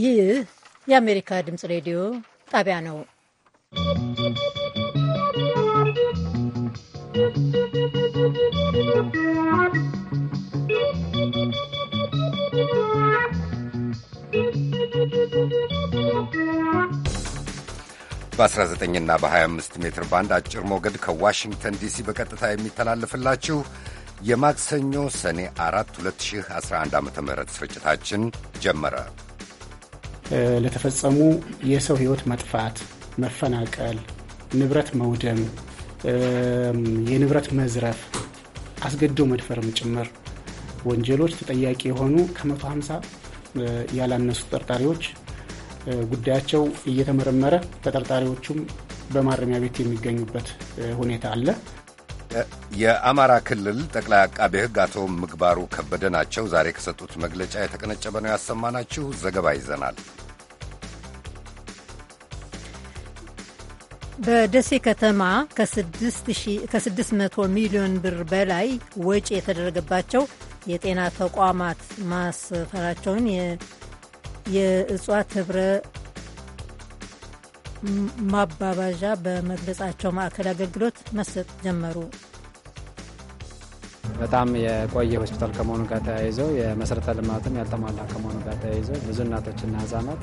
ይህ የአሜሪካ ድምፅ ሬዲዮ ጣቢያ ነው። በ19 እና በ25 ሜትር ባንድ አጭር ሞገድ ከዋሽንግተን ዲሲ በቀጥታ የሚተላለፍላችሁ የማክሰኞ ሰኔ 4 2011 ዓ ም ስርጭታችን ጀመረ። ለተፈጸሙ የሰው ህይወት መጥፋት፣ መፈናቀል፣ ንብረት መውደም፣ የንብረት መዝረፍ፣ አስገድዶ መድፈርም ጭምር ወንጀሎች ተጠያቂ የሆኑ ከ150 ያላነሱ ተጠርጣሪዎች ጉዳያቸው እየተመረመረ ተጠርጣሪዎቹም በማረሚያ ቤት የሚገኙበት ሁኔታ አለ። የአማራ ክልል ጠቅላይ አቃቤ ሕግ አቶ ምግባሩ ከበደ ናቸው። ዛሬ ከሰጡት መግለጫ የተቀነጨበ ነው ያሰማናችሁ። ዘገባ ይዘናል። በደሴ ከተማ ከ600 ሚሊዮን ብር በላይ ወጪ የተደረገባቸው የጤና ተቋማት ማስፈራቸውን የእጽዋት ህብረ ማባባዣ በመግለጻቸው ማዕከል አገልግሎት መስጠት ጀመሩ። በጣም የቆየ ሆስፒታል ከመሆኑ ጋር ተያይዞ የመሰረተ ልማትም ያልተሟላ ከመሆኑ ጋር ተያይዞ ብዙ እናቶችና ህጻናት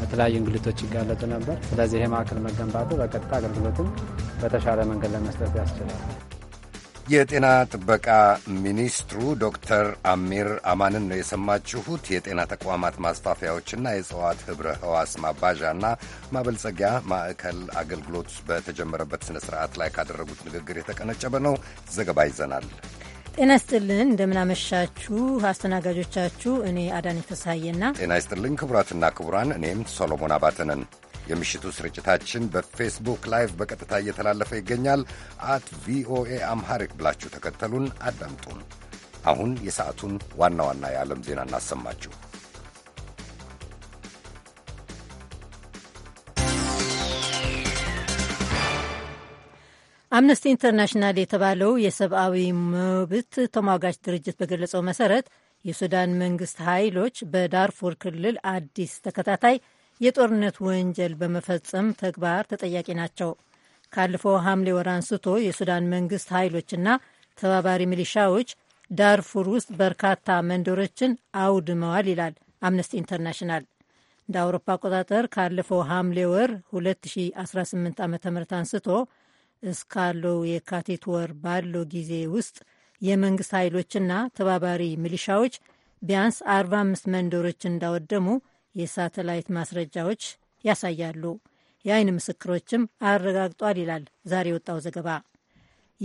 በተለያዩ እንግልቶች ይጋለጡ ነበር። ስለዚህ ማዕከል መገንባቱ በቀጥታ አገልግሎትም በተሻለ መንገድ ለመስጠት ያስችላል። የጤና ጥበቃ ሚኒስትሩ ዶክተር አሚር አማንን ነው የሰማችሁት። የጤና ተቋማት ማስፋፊያዎችና የእጽዋት ኅብረ ሕዋስ ማባዣና ማበልጸጊያ ማዕከል አገልግሎት በተጀመረበት ሥነ ሥርዓት ላይ ካደረጉት ንግግር የተቀነጨበ ነው። ዘገባ ይዘናል። ጤና ይስጥልን፣ እንደምናመሻችሁ። አስተናጋጆቻችሁ እኔ አዳነች ፍስሐዬና ጤና ይስጥልን ክቡራትና ክቡራን፣ እኔም ሶሎሞን አባተ ነን። የምሽቱ ስርጭታችን በፌስቡክ ላይቭ በቀጥታ እየተላለፈ ይገኛል። አት ቪኦኤ አምሃሪክ ብላችሁ ተከተሉን፣ አዳምጡን። አሁን የሰዓቱን ዋና ዋና የዓለም ዜና እናሰማችሁ። አምነስቲ ኢንተርናሽናል የተባለው የሰብአዊ መብት ተሟጋች ድርጅት በገለጸው መሰረት የሱዳን መንግስት ኃይሎች በዳርፉር ክልል አዲስ ተከታታይ የጦርነት ወንጀል በመፈጸም ተግባር ተጠያቂ ናቸው። ካለፈው ሐምሌ ወር አንስቶ የሱዳን መንግስት ኃይሎችና ተባባሪ ሚሊሻዎች ዳርፉር ውስጥ በርካታ መንደሮችን አውድመዋል ይላል አምነስቲ ኢንተርናሽናል። እንደ አውሮፓ አቆጣጠር ካለፈው ሐምሌ ወር 2018 ዓ ም አንስቶ እስካለው የካቲት ወር ባለው ጊዜ ውስጥ የመንግስት ኃይሎችና ተባባሪ ሚሊሻዎች ቢያንስ 45 መንደሮች እንዳወደሙ የሳተላይት ማስረጃዎች ያሳያሉ፣ የአይን ምስክሮችም አረጋግጧል ይላል ዛሬ የወጣው ዘገባ።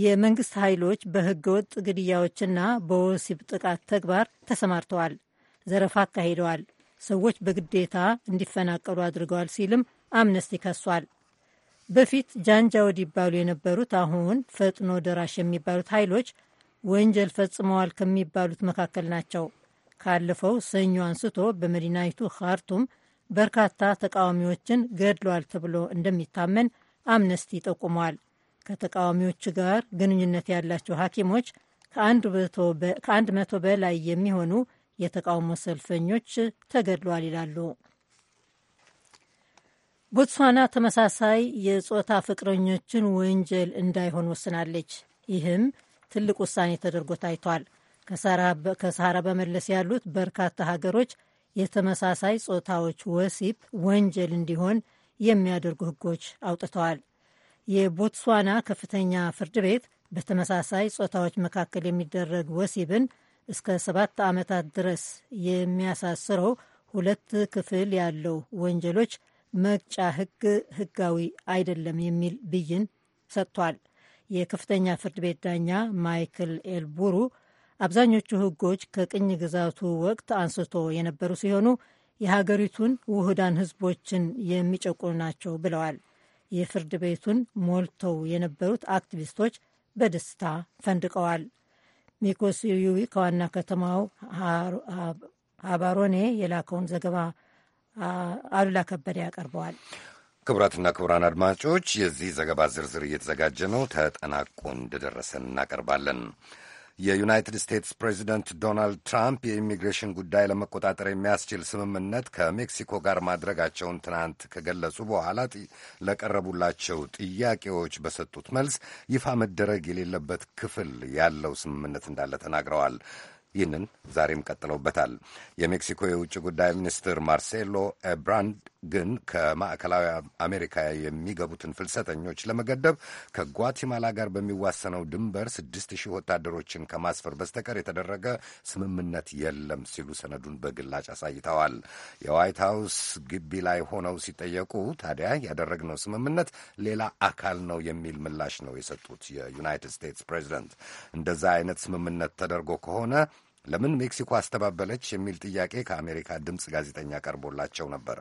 የመንግስት ኃይሎች በህገወጥ ግድያዎችና በወሲብ ጥቃት ተግባር ተሰማርተዋል፣ ዘረፋ አካሂደዋል፣ ሰዎች በግዴታ እንዲፈናቀሉ አድርገዋል ሲልም አምነስቲ ከሷል። በፊት ጃንጃወድ ይባሉ የነበሩት አሁን ፈጥኖ ደራሽ የሚባሉት ኃይሎች ወንጀል ፈጽመዋል ከሚባሉት መካከል ናቸው። ካለፈው ሰኞ አንስቶ በመዲናይቱ ካርቱም በርካታ ተቃዋሚዎችን ገድሏል ተብሎ እንደሚታመን አምነስቲ ጠቁሟል። ከተቃዋሚዎቹ ጋር ግንኙነት ያላቸው ሐኪሞች ከአንድ መቶ በላይ የሚሆኑ የተቃውሞ ሰልፈኞች ተገድሏል ይላሉ። ቦትስዋና ተመሳሳይ የጾታ ፍቅረኞችን ወንጀል እንዳይሆን ወስናለች። ይህም ትልቅ ውሳኔ ተደርጎ ታይቷል። ከሰሃራ በመለስ ያሉት በርካታ ሀገሮች የተመሳሳይ ጾታዎች ወሲብ ወንጀል እንዲሆን የሚያደርጉ ህጎች አውጥተዋል። የቦትስዋና ከፍተኛ ፍርድ ቤት በተመሳሳይ ጾታዎች መካከል የሚደረግ ወሲብን እስከ ሰባት ዓመታት ድረስ የሚያሳስረው ሁለት ክፍል ያለው ወንጀሎች መቅጫ ህግ ህጋዊ አይደለም የሚል ብይን ሰጥቷል። የከፍተኛ ፍርድ ቤት ዳኛ ማይክል ኤልቡሩ አብዛኞቹ ሕጎች ከቅኝ ግዛቱ ወቅት አንስቶ የነበሩ ሲሆኑ የሀገሪቱን ውህዳን ሕዝቦችን የሚጨቁኑ ናቸው ብለዋል። የፍርድ ቤቱን ሞልተው የነበሩት አክቲቪስቶች በደስታ ፈንድቀዋል። ሚኮስ ዩዊ ከዋና ከተማው አባሮኔ የላከውን ዘገባ አሉላ ከበደ ያቀርበዋል። ክቡራትና ክቡራን አድማጮች የዚህ ዘገባ ዝርዝር እየተዘጋጀ ነው። ተጠናቆ እንደደረሰን እናቀርባለን። የዩናይትድ ስቴትስ ፕሬዚደንት ዶናልድ ትራምፕ የኢሚግሬሽን ጉዳይ ለመቆጣጠር የሚያስችል ስምምነት ከሜክሲኮ ጋር ማድረጋቸውን ትናንት ከገለጹ በኋላ ለቀረቡላቸው ጥያቄዎች በሰጡት መልስ ይፋ መደረግ የሌለበት ክፍል ያለው ስምምነት እንዳለ ተናግረዋል። ይህንን ዛሬም ቀጥለውበታል። የሜክሲኮ የውጭ ጉዳይ ሚኒስትር ማርሴሎ ኤብራንድ ግን ከማዕከላዊ አሜሪካ የሚገቡትን ፍልሰተኞች ለመገደብ ከጓቲማላ ጋር በሚዋሰነው ድንበር ስድስት ሺህ ወታደሮችን ከማስፈር በስተቀር የተደረገ ስምምነት የለም ሲሉ ሰነዱን በግላጭ አሳይተዋል። የዋይት ሀውስ ግቢ ላይ ሆነው ሲጠየቁ ታዲያ ያደረግነው ስምምነት ሌላ አካል ነው የሚል ምላሽ ነው የሰጡት የዩናይትድ ስቴትስ ፕሬዚደንት። እንደዛ አይነት ስምምነት ተደርጎ ከሆነ ለምን ሜክሲኮ አስተባበለች የሚል ጥያቄ ከአሜሪካ ድምፅ ጋዜጠኛ ቀርቦላቸው ነበር።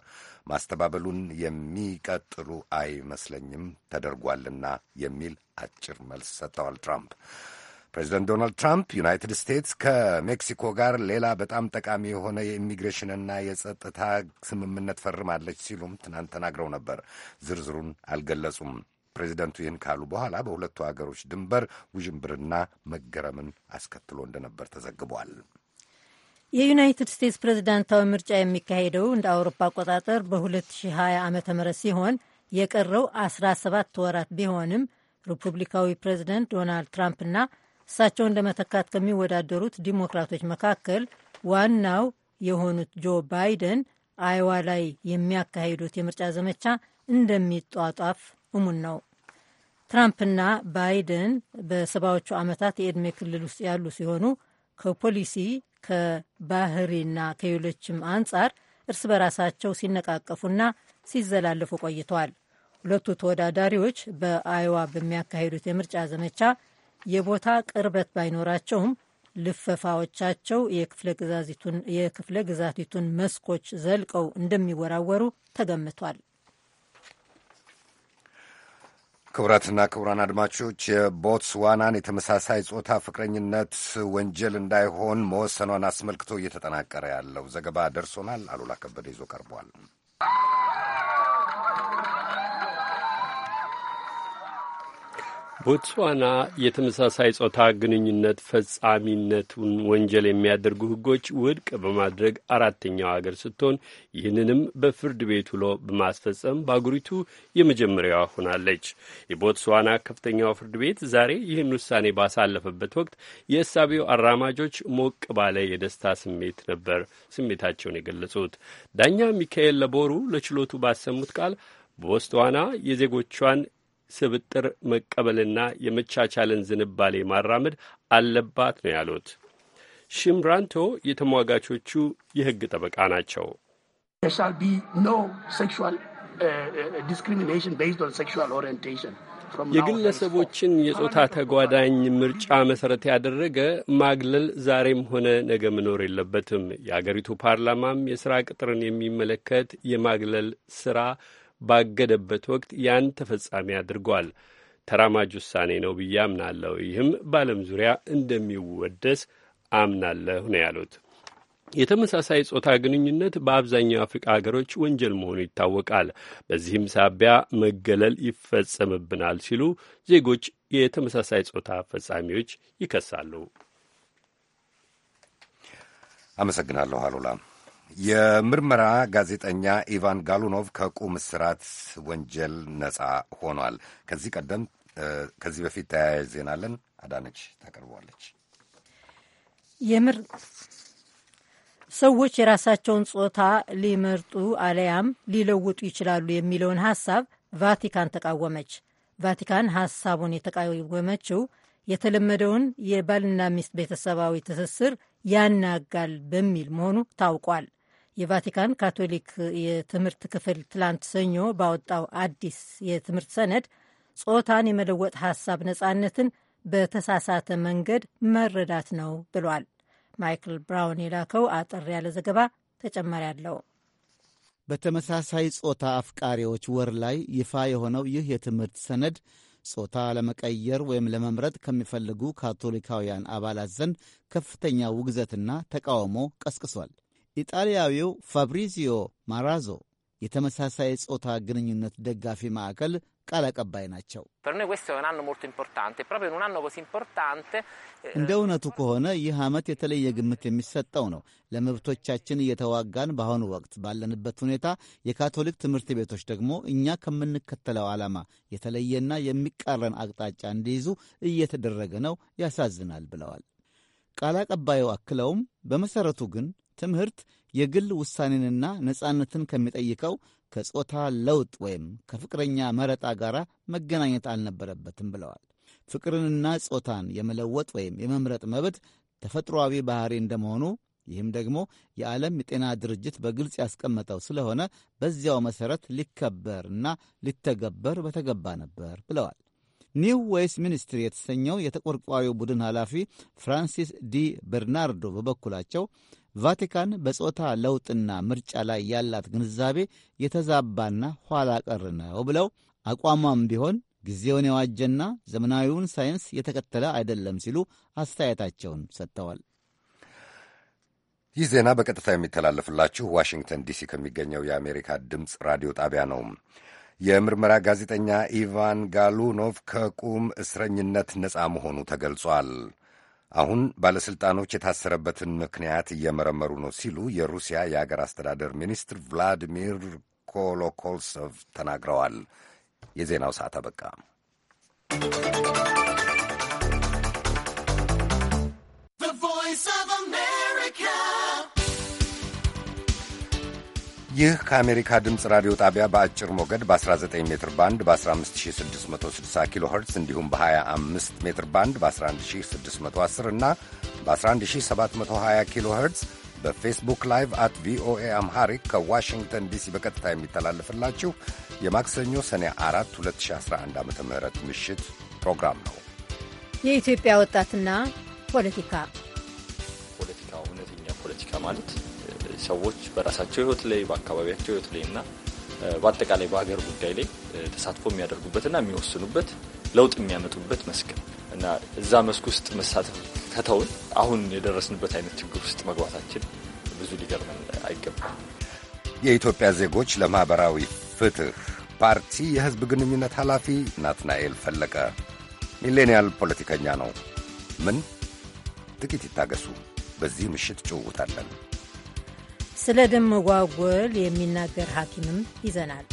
ማስተባበሉን የሚቀጥሉ አይመስለኝም ተደርጓልና የሚል አጭር መልስ ሰጥተዋል ትራምፕ። ፕሬዚደንት ዶናልድ ትራምፕ ዩናይትድ ስቴትስ ከሜክሲኮ ጋር ሌላ በጣም ጠቃሚ የሆነ የኢሚግሬሽንና የጸጥታ ስምምነት ፈርማለች ሲሉም ትናንት ተናግረው ነበር። ዝርዝሩን አልገለጹም። ፕሬዚደንቱ ይህን ካሉ በኋላ በሁለቱ ሀገሮች ድንበር ውዥንብርና መገረምን አስከትሎ እንደነበር ተዘግቧል። የዩናይትድ ስቴትስ ፕሬዝዳንታዊ ምርጫ የሚካሄደው እንደ አውሮፓ አቆጣጠር በ2020 ዓ ም ሲሆን የቀረው 17 ወራት ቢሆንም ሪፑብሊካዊ ፕሬዝደንት ዶናልድ ትራምፕና እሳቸውን ለመተካት ከሚወዳደሩት ዲሞክራቶች መካከል ዋናው የሆኑት ጆ ባይደን አይዋ ላይ የሚያካሂዱት የምርጫ ዘመቻ እንደሚጧጧፍ እሙን ነው። ትራምፕና ባይደን በሰባዎቹ ዓመታት የዕድሜ ክልል ውስጥ ያሉ ሲሆኑ ከፖሊሲ ከባህሪና ከሌሎችም አንጻር እርስ በራሳቸው ሲነቃቀፉና ሲዘላለፉ ቆይተዋል። ሁለቱ ተወዳዳሪዎች በአይዋ በሚያካሂዱት የምርጫ ዘመቻ የቦታ ቅርበት ባይኖራቸውም ልፈፋዎቻቸው የክፍለ ግዛቲቱን መስኮች ዘልቀው እንደሚወራወሩ ተገምቷል። ክቡራትና ክቡራን አድማጮች የቦትስዋናን የተመሳሳይ ጾታ ፍቅረኝነት ወንጀል እንዳይሆን መወሰኗን አስመልክቶ እየተጠናቀረ ያለው ዘገባ ደርሶናል። አሉላ ከበደ ይዞ ቀርቧል። ቦትስዋና የተመሳሳይ ጾታ ግንኙነት ፈጻሚነቱን ወንጀል የሚያደርጉ ሕጎች ውድቅ በማድረግ አራተኛው አገር ስትሆን ይህንንም በፍርድ ቤት ውሎ በማስፈጸም በአገሪቱ የመጀመሪያዋ ሆናለች። የቦትስዋና ከፍተኛው ፍርድ ቤት ዛሬ ይህን ውሳኔ ባሳለፈበት ወቅት የእሳቤው አራማጆች ሞቅ ባለ የደስታ ስሜት ነበር ስሜታቸውን የገለጹት። ዳኛ ሚካኤል ለቦሩ ለችሎቱ ባሰሙት ቃል ቦትስዋና የዜጎቿን ስብጥር መቀበልና የመቻቻልን ዝንባሌ ማራመድ አለባት ነው ያሉት። ሽምራንቶ የተሟጋቾቹ የህግ ጠበቃ ናቸው። uh, uh, የግለሰቦችን የጾታ ተጓዳኝ ምርጫ መሰረት ያደረገ ማግለል ዛሬም ሆነ ነገ መኖር የለበትም። የአገሪቱ ፓርላማም የሥራ ቅጥርን የሚመለከት የማግለል ሥራ ባገደበት ወቅት ያን ተፈጻሚ አድርጓል። ተራማጅ ውሳኔ ነው ብዬ አምናለሁ። ይህም በዓለም ዙሪያ እንደሚወደስ አምናለሁ ነው ያሉት። የተመሳሳይ ጾታ ግንኙነት በአብዛኛው አፍሪቃ ሀገሮች ወንጀል መሆኑ ይታወቃል። በዚህም ሳቢያ መገለል ይፈጸምብናል ሲሉ ዜጎች የተመሳሳይ ጾታ ፈጻሚዎች ይከሳሉ። አመሰግናለሁ አሉላ። የምርመራ ጋዜጠኛ ኢቫን ጋሉኖቭ ከቁም እስራት ወንጀል ነጻ ሆኗል። ከዚህ ቀደም ከዚህ በፊት ተያያዥ ዜናለን አዳነች ታቀርበዋለች። የምር ሰዎች የራሳቸውን ጾታ ሊመርጡ አለያም ሊለውጡ ይችላሉ የሚለውን ሀሳብ ቫቲካን ተቃወመች። ቫቲካን ሀሳቡን የተቃወመችው የተለመደውን የባልና ሚስት ቤተሰባዊ ትስስር ያናጋል በሚል መሆኑ ታውቋል። የቫቲካን ካቶሊክ የትምህርት ክፍል ትላንት ሰኞ ባወጣው አዲስ የትምህርት ሰነድ ጾታን የመለወጥ ሐሳብ ነጻነትን በተሳሳተ መንገድ መረዳት ነው ብሏል። ማይክል ብራውን የላከው አጠር ያለ ዘገባ ተጨማሪ አለው። በተመሳሳይ ጾታ አፍቃሪዎች ወር ላይ ይፋ የሆነው ይህ የትምህርት ሰነድ ጾታ ለመቀየር ወይም ለመምረጥ ከሚፈልጉ ካቶሊካውያን አባላት ዘንድ ከፍተኛ ውግዘትና ተቃውሞ ቀስቅሷል። ኢጣሊያዊው ፋብሪዚዮ ማራዞ የተመሳሳይ ጾታ ግንኙነት ደጋፊ ማዕከል ቃል አቀባይ ናቸው። eh, እንደ እውነቱ ከሆነ ይህ ዓመት የተለየ ግምት የሚሰጠው ነው። ለመብቶቻችን እየተዋጋን በአሁኑ ወቅት ባለንበት ሁኔታ የካቶሊክ ትምህርት ቤቶች ደግሞ እኛ ከምንከተለው ዓላማ የተለየና የሚቃረን አቅጣጫ እንዲይዙ እየተደረገ ነው፣ ያሳዝናል ብለዋል ቃል አቀባዩ። አክለውም በመሠረቱ ግን ትምህርት የግል ውሳኔንና ነጻነትን ከሚጠይቀው ከጾታ ለውጥ ወይም ከፍቅረኛ መረጣ ጋር መገናኘት አልነበረበትም ብለዋል። ፍቅርንና ጾታን የመለወጥ ወይም የመምረጥ መብት ተፈጥሯዊ ባሕሪ እንደመሆኑ ይህም ደግሞ የዓለም የጤና ድርጅት በግልጽ ያስቀመጠው ስለሆነ በዚያው መሠረት ሊከበርና ሊተገበር በተገባ ነበር ብለዋል። ኒው ዌይስ ሚኒስትሪ የተሰኘው የተቆርቋሪው ቡድን ኃላፊ ፍራንሲስ ዲ በርናርዶ በበኩላቸው ቫቲካን በጾታ ለውጥና ምርጫ ላይ ያላት ግንዛቤ የተዛባና ኋላ ቀር ነው ብለው አቋሟም ቢሆን ጊዜውን የዋጀና ዘመናዊውን ሳይንስ የተከተለ አይደለም ሲሉ አስተያየታቸውን ሰጥተዋል። ይህ ዜና በቀጥታ የሚተላለፍላችሁ ዋሽንግተን ዲሲ ከሚገኘው የአሜሪካ ድምፅ ራዲዮ ጣቢያ ነው። የምርመራ ጋዜጠኛ ኢቫን ጋሉኖቭ ከቁም እስረኝነት ነፃ መሆኑ ተገልጿል። አሁን ባለሥልጣኖች የታሰረበትን ምክንያት እየመረመሩ ነው ሲሉ የሩሲያ የአገር አስተዳደር ሚኒስትር ቭላዲሚር ኮሎኮልሰቭ ተናግረዋል። የዜናው ሰዓት አበቃ። ይህ ከአሜሪካ ድምፅ ራዲዮ ጣቢያ በአጭር ሞገድ በ19 ሜትር ባንድ በ15660 ኪሎ ኸርትዝ እንዲሁም በ25 ሜትር ባንድ በ11610 እና በ11720 ኪሎ ኸርትዝ በፌስቡክ ላይቭ አት ቪኦኤ አምሃሪክ ከዋሽንግተን ዲሲ በቀጥታ የሚተላለፍላችሁ የማክሰኞ ሰኔ 4 2011 ዓ ም ምሽት ፕሮግራም ነው። የኢትዮጵያ ወጣትና ፖለቲካ ፖለቲካ እውነተኛ ፖለቲካ ማለት ሰዎች በራሳቸው ህይወት ላይ በአካባቢያቸው ህይወት ላይ እና በአጠቃላይ በሀገር ጉዳይ ላይ ተሳትፎ ና የሚወስኑበት ለውጥ የሚያመጡበት መስክ እና እዛ መስክ ውስጥ መሳተፍ ከተውን አሁን የደረስንበት አይነት ችግር ውስጥ መግባታችን ብዙ ሊገርመን አይገባም። የኢትዮጵያ ዜጎች ለማኅበራዊ ፍትህ ፓርቲ የህዝብ ግንኙነት ኃላፊ ናትናኤል ፈለቀ ሚሌኒያል ፖለቲከኛ ነው። ምን ጥቂት ይታገሱ፣ በዚህ ምሽት ጭውውታለን። ስለ ደም መጓጎል የሚናገር ሐኪምም ይዘናል።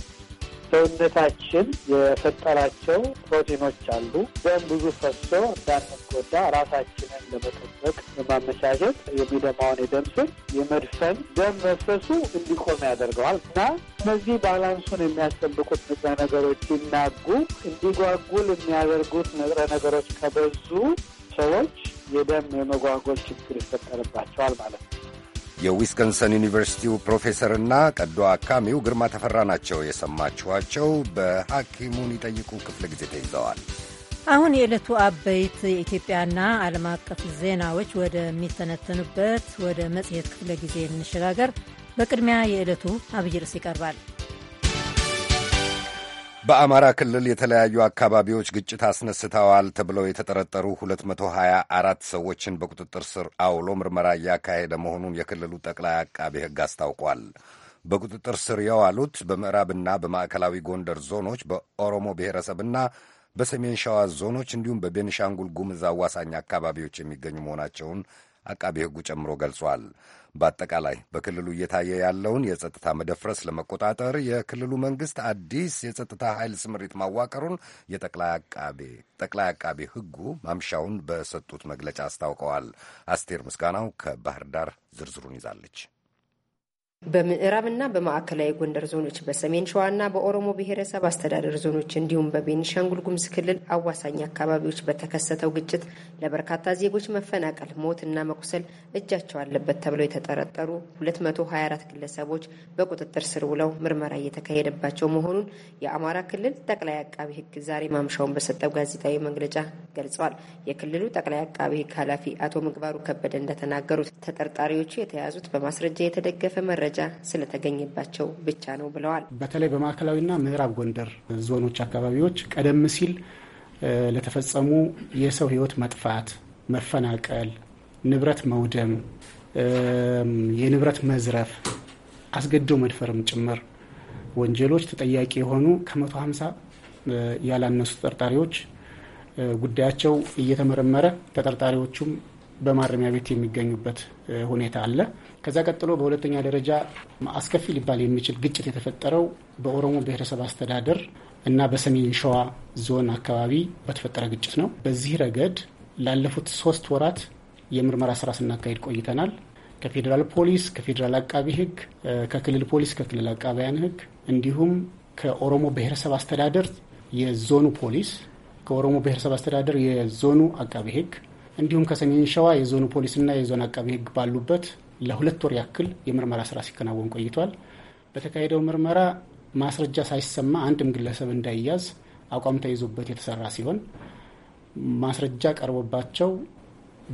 ሰውነታችን የፈጠራቸው ፕሮቲኖች አሉ። ደም ብዙ ፈሶ እንዳንጎዳ ራሳችንን ለመጠበቅ ለማመቻቸት የሚደማውን የደም ስር የመድፈን ደም መፈሱ እንዲቆም ያደርገዋል እና እነዚህ ባላንሱን የሚያስጠብቁት ንጥረ ነገሮች ሲናጉ እንዲጓጉል የሚያደርጉት ንጥረ ነገሮች ከበዙ ሰዎች የደም የመጓጎል ችግር ይፈጠርባቸዋል ማለት ነው። የዊስከንሰን ዩኒቨርሲቲው ፕሮፌሰርና ቀዶ አካሚው ግርማ ተፈራ ናቸው የሰማችኋቸው። በሐኪሙን ይጠይቁ ክፍለ ጊዜ ተይዘዋል። አሁን የዕለቱ አበይት የኢትዮጵያና ዓለም አቀፍ ዜናዎች ወደሚተነተኑበት ወደ መጽሔት ክፍለ ጊዜ እንሸጋገር። በቅድሚያ የዕለቱ አብይ ርዕስ ይቀርባል። በአማራ ክልል የተለያዩ አካባቢዎች ግጭት አስነስተዋል ተብለው የተጠረጠሩ 224 ሰዎችን በቁጥጥር ስር አውሎ ምርመራ እያካሄደ መሆኑን የክልሉ ጠቅላይ አቃቤ ሕግ አስታውቋል። በቁጥጥር ስር የዋሉት በምዕራብና በማዕከላዊ ጎንደር ዞኖች በኦሮሞ ብሔረሰብና በሰሜን ሸዋ ዞኖች እንዲሁም በቤንሻንጉል ጉምዝ አዋሳኝ አካባቢዎች የሚገኙ መሆናቸውን አቃቤ ሕጉ ጨምሮ ገልጿል። በአጠቃላይ በክልሉ እየታየ ያለውን የጸጥታ መደፍረስ ለመቆጣጠር የክልሉ መንግስት አዲስ የጸጥታ ኃይል ስምሪት ማዋቀሩን የጠቅላይ አቃቤ ሕጉ ማምሻውን በሰጡት መግለጫ አስታውቀዋል። አስቴር ምስጋናው ከባህር ዳር ዝርዝሩን ይዛለች። በምዕራብና በማዕከላዊ ጎንደር ዞኖች በሰሜን ሸዋና በኦሮሞ ብሔረሰብ አስተዳደር ዞኖች እንዲሁም በቤኒሻንጉል ጉምዝ ክልል አዋሳኝ አካባቢዎች በተከሰተው ግጭት ለበርካታ ዜጎች መፈናቀል፣ ሞትና መቁሰል እጃቸው አለበት ተብለው የተጠረጠሩ 224 ግለሰቦች በቁጥጥር ስር ውለው ምርመራ እየተካሄደባቸው መሆኑን የአማራ ክልል ጠቅላይ አቃቢ ሕግ ዛሬ ማምሻውን በሰጠው ጋዜጣዊ መግለጫ ገልጸዋል። የክልሉ ጠቅላይ አቃቢ ሕግ ኃላፊ አቶ ምግባሩ ከበደ እንደተናገሩት ተጠርጣሪዎቹ የተያዙት በማስረጃ የተደገፈ መረጃ መረጃ ስለተገኘባቸው ብቻ ነው ብለዋል። በተለይ በማዕከላዊና ምዕራብ ጎንደር ዞኖች አካባቢዎች ቀደም ሲል ለተፈጸሙ የሰው ሕይወት መጥፋት፣ መፈናቀል፣ ንብረት መውደም፣ የንብረት መዝረፍ፣ አስገድዶ መድፈርም ጭምር ወንጀሎች ተጠያቂ የሆኑ ከ150 ያላነሱ ተጠርጣሪዎች ጉዳያቸው እየተመረመረ ተጠርጣሪዎቹም በማረሚያ ቤት የሚገኙበት ሁኔታ አለ። ከዛ ቀጥሎ በሁለተኛ ደረጃ አስከፊ ሊባል የሚችል ግጭት የተፈጠረው በኦሮሞ ብሔረሰብ አስተዳደር እና በሰሜን ሸዋ ዞን አካባቢ በተፈጠረ ግጭት ነው። በዚህ ረገድ ላለፉት ሶስት ወራት የምርመራ ስራ ስናካሄድ ቆይተናል። ከፌዴራል ፖሊስ፣ ከፌዴራል አቃቢ ህግ ከክልል ፖሊስ፣ ከክልል አቃቢያን ህግ እንዲሁም ከኦሮሞ ብሔረሰብ አስተዳደር የዞኑ ፖሊስ፣ ከኦሮሞ ብሔረሰብ አስተዳደር የዞኑ አቃቢ ህግ እንዲሁም ከሰሜን ሸዋ የዞኑ ፖሊስና የዞን አቃቢ ህግ ባሉበት ለሁለት ወር ያክል የምርመራ ስራ ሲከናወን ቆይቷል። በተካሄደው ምርመራ ማስረጃ ሳይሰማ አንድም ግለሰብ እንዳይያዝ አቋም ተይዞበት የተሰራ ሲሆን ማስረጃ ቀርቦባቸው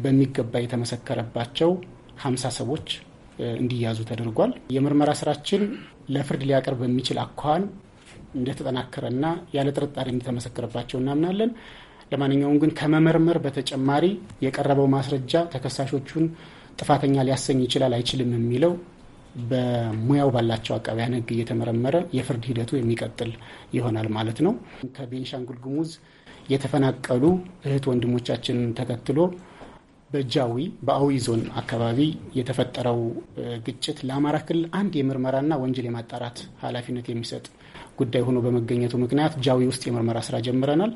በሚገባ የተመሰከረባቸው ሀምሳ ሰዎች እንዲያዙ ተደርጓል። የምርመራ ስራችን ለፍርድ ሊያቀርብ በሚችል አኳኋን እንደተጠናከረና ያለ ጥርጣሬ እንደተመሰከረባቸው እናምናለን። ለማንኛውም ግን ከመመርመር በተጨማሪ የቀረበው ማስረጃ ተከሳሾቹን ጥፋተኛ ሊያሰኝ ይችላል አይችልም የሚለው በሙያው ባላቸው አቃቢያን ሕግ እየተመረመረ የፍርድ ሂደቱ የሚቀጥል ይሆናል ማለት ነው። ከቤንሻንጉል ጉሙዝ የተፈናቀሉ እህት ወንድሞቻችን ተከትሎ በጃዊ በአዊ ዞን አካባቢ የተፈጠረው ግጭት ለአማራ ክልል አንድ የምርመራና ወንጀል የማጣራት ኃላፊነት የሚሰጥ ጉዳይ ሆኖ በመገኘቱ ምክንያት ጃዊ ውስጥ የምርመራ ስራ ጀምረናል።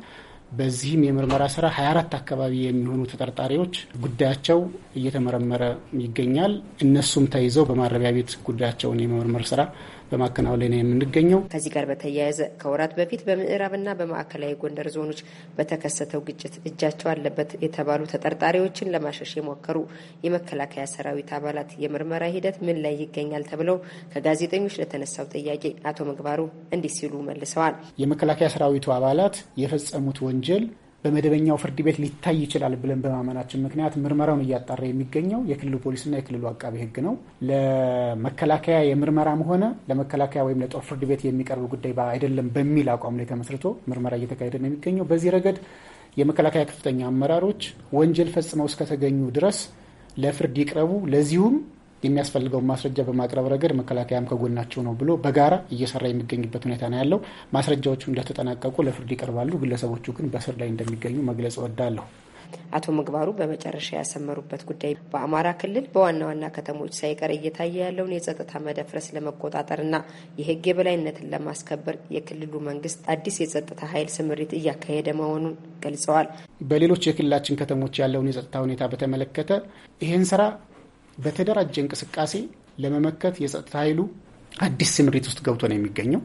በዚህም የምርመራ ስራ 24 አካባቢ የሚሆኑ ተጠርጣሪዎች ጉዳያቸው እየተመረመረ ይገኛል። እነሱም ተይዘው በማረቢያ ቤት ጉዳያቸውን የመመርመር ስራ በማከናወን ላይ ነው የምንገኘው። ከዚህ ጋር በተያያዘ ከወራት በፊት በምዕራብና በማዕከላዊ ጎንደር ዞኖች በተከሰተው ግጭት እጃቸው አለበት የተባሉ ተጠርጣሪዎችን ለማሸሽ የሞከሩ የመከላከያ ሰራዊት አባላት የምርመራ ሂደት ምን ላይ ይገኛል ተብለው ከጋዜጠኞች ለተነሳው ጥያቄ አቶ ምግባሩ እንዲህ ሲሉ መልሰዋል። የመከላከያ ሰራዊቱ አባላት የፈጸሙት ወንጀል በመደበኛው ፍርድ ቤት ሊታይ ይችላል ብለን በማመናችን ምክንያት ምርመራውን እያጣራ የሚገኘው የክልሉ ፖሊስና የክልሉ አቃቢ ሕግ ነው። ለመከላከያ የምርመራም ሆነ ለመከላከያ ወይም ለጦር ፍርድ ቤት የሚቀርብ ጉዳይ አይደለም በሚል አቋም ላይ ተመስርቶ ምርመራ እየተካሄደ ነው የሚገኘው። በዚህ ረገድ የመከላከያ ከፍተኛ አመራሮች ወንጀል ፈጽመው እስከተገኙ ድረስ ለፍርድ ይቅረቡ፣ ለዚሁም የሚያስፈልገውን ማስረጃ በማቅረብ ረገድ መከላከያም ከጎናቸው ነው ብሎ በጋራ እየሰራ የሚገኝበት ሁኔታ ነው ያለው። ማስረጃዎቹ እንደተጠናቀቁ ለፍርድ ይቀርባሉ። ግለሰቦቹ ግን በስር ላይ እንደሚገኙ መግለጽ እወዳለሁ። አቶ ምግባሩ በመጨረሻ ያሰመሩበት ጉዳይ በአማራ ክልል በዋና ዋና ከተሞች ሳይቀር እየታየ ያለውን የጸጥታ መደፍረስ ለመቆጣጠርና የሕግ የበላይነትን ለማስከበር የክልሉ መንግስት አዲስ የጸጥታ ኃይል ስምሪት እያካሄደ መሆኑን ገልጸዋል። በሌሎች የክልላችን ከተሞች ያለውን የጸጥታ ሁኔታ በተመለከተ ይህን ስራ በተደራጀ እንቅስቃሴ ለመመከት የጸጥታ ኃይሉ አዲስ ስምሪት ውስጥ ገብቶ ነው የሚገኘው።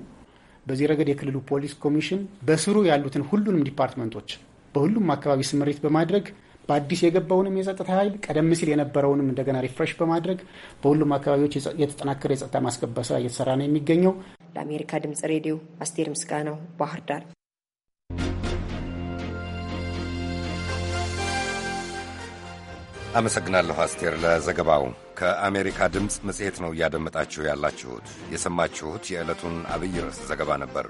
በዚህ ረገድ የክልሉ ፖሊስ ኮሚሽን በስሩ ያሉትን ሁሉንም ዲፓርትመንቶች በሁሉም አካባቢ ስምሪት በማድረግ በአዲስ የገባውንም የጸጥታ ኃይል ቀደም ሲል የነበረውንም እንደገና ሪፍሬሽ በማድረግ በሁሉም አካባቢዎች የተጠናከረ የጸጥታ ማስከበር ስራ እየተሰራ ነው የሚገኘው። ለአሜሪካ ድምጽ ሬዲዮ አስቴር ምስጋናው ባህር ዳር። አመሰግናለሁ አስቴር ለዘገባው። ከአሜሪካ ድምፅ መጽሔት ነው እያደመጣችሁ ያላችሁት። የሰማችሁት የዕለቱን አብይ ርዕስ ዘገባ ነበር።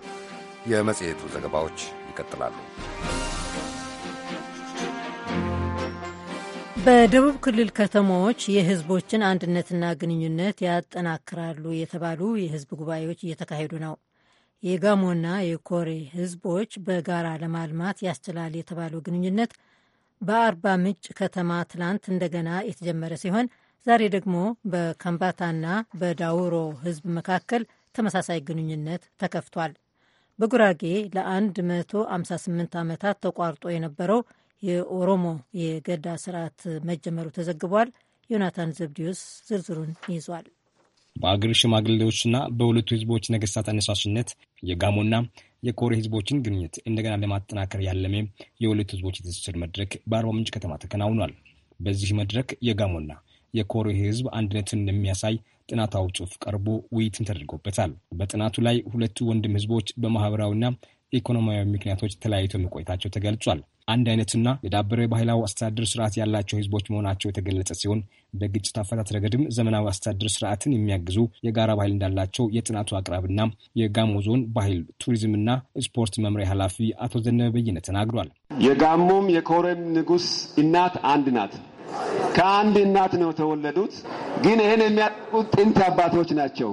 የመጽሔቱ ዘገባዎች ይቀጥላሉ። በደቡብ ክልል ከተሞች የሕዝቦችን አንድነትና ግንኙነት ያጠናክራሉ የተባሉ የሕዝብ ጉባኤዎች እየተካሄዱ ነው። የጋሞና የኮሬ ሕዝቦች በጋራ ለማልማት ያስችላል የተባለው ግንኙነት በአርባ ምንጭ ከተማ ትላንት እንደገና የተጀመረ ሲሆን ዛሬ ደግሞ በከምባታና በዳውሮ ህዝብ መካከል ተመሳሳይ ግንኙነት ተከፍቷል። በጉራጌ ለ158 ዓመታት ተቋርጦ የነበረው የኦሮሞ የገዳ ስርዓት መጀመሩ ተዘግቧል። ዮናታን ዘብዲዮስ ዝርዝሩን ይዟል። በአገር ሽማግሌዎችና በሁለቱ ህዝቦች ነገስታት አነሳሽነት የጋሞና የኮሬ ህዝቦችን ግንኙነት እንደገና ለማጠናከር ያለመ የሁለቱ ህዝቦች የትስስር መድረክ በአርባ ምንጭ ከተማ ተከናውኗል። በዚህ መድረክ የጋሞና የኮሬ ህዝብ አንድነትን የሚያሳይ ጥናታዊ ጽሑፍ ቀርቦ ውይይትን ተደርጎበታል። በጥናቱ ላይ ሁለቱ ወንድም ህዝቦች በማህበራዊና ኢኮኖሚያዊ ምክንያቶች ተለያይተው መቆየታቸው ተገልጿል። አንድ አይነትና የዳበረ ባህላዊ አስተዳደር ስርዓት ያላቸው ህዝቦች መሆናቸው የተገለጸ ሲሆን በግጭት አፈታት ረገድም ዘመናዊ አስተዳደር ስርዓትን የሚያግዙ የጋራ ባህል እንዳላቸው የጥናቱ አቅራብና የጋሞ ዞን ባህል ቱሪዝምና ስፖርት መምሪያ ኃላፊ አቶ ዘነበ በየነ ተናግሯል። የጋሞም የኮረም ንጉስ እናት አንድ ናት። ከአንድ እናት ነው የተወለዱት። ግን ይህን የሚያደርጉት ጥንት አባቶች ናቸው።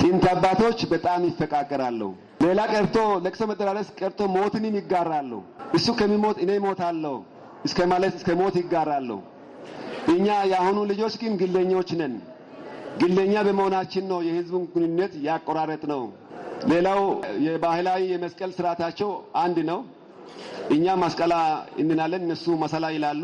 ጥንት አባቶች በጣም ይፈቃቀራሉ። ሌላ ቀርቶ ለቅሶ መደራረስ ቀርቶ ሞትንም ይጋራሉ። እሱ ከሚሞት እኔ ሞታለሁ እስከ ማለት እስከ ሞት ይጋራሉ። እኛ የአሁኑ ልጆች ግን ግለኞች ነን። ግለኛ በመሆናችን ነው የህዝቡን ግንኙነት ያቆራረጥ ነው። ሌላው የባህላዊ የመስቀል ስርዓታቸው አንድ ነው። እኛ ማስቀላ እንላለን፣ እነሱ መሰላ ይላሉ።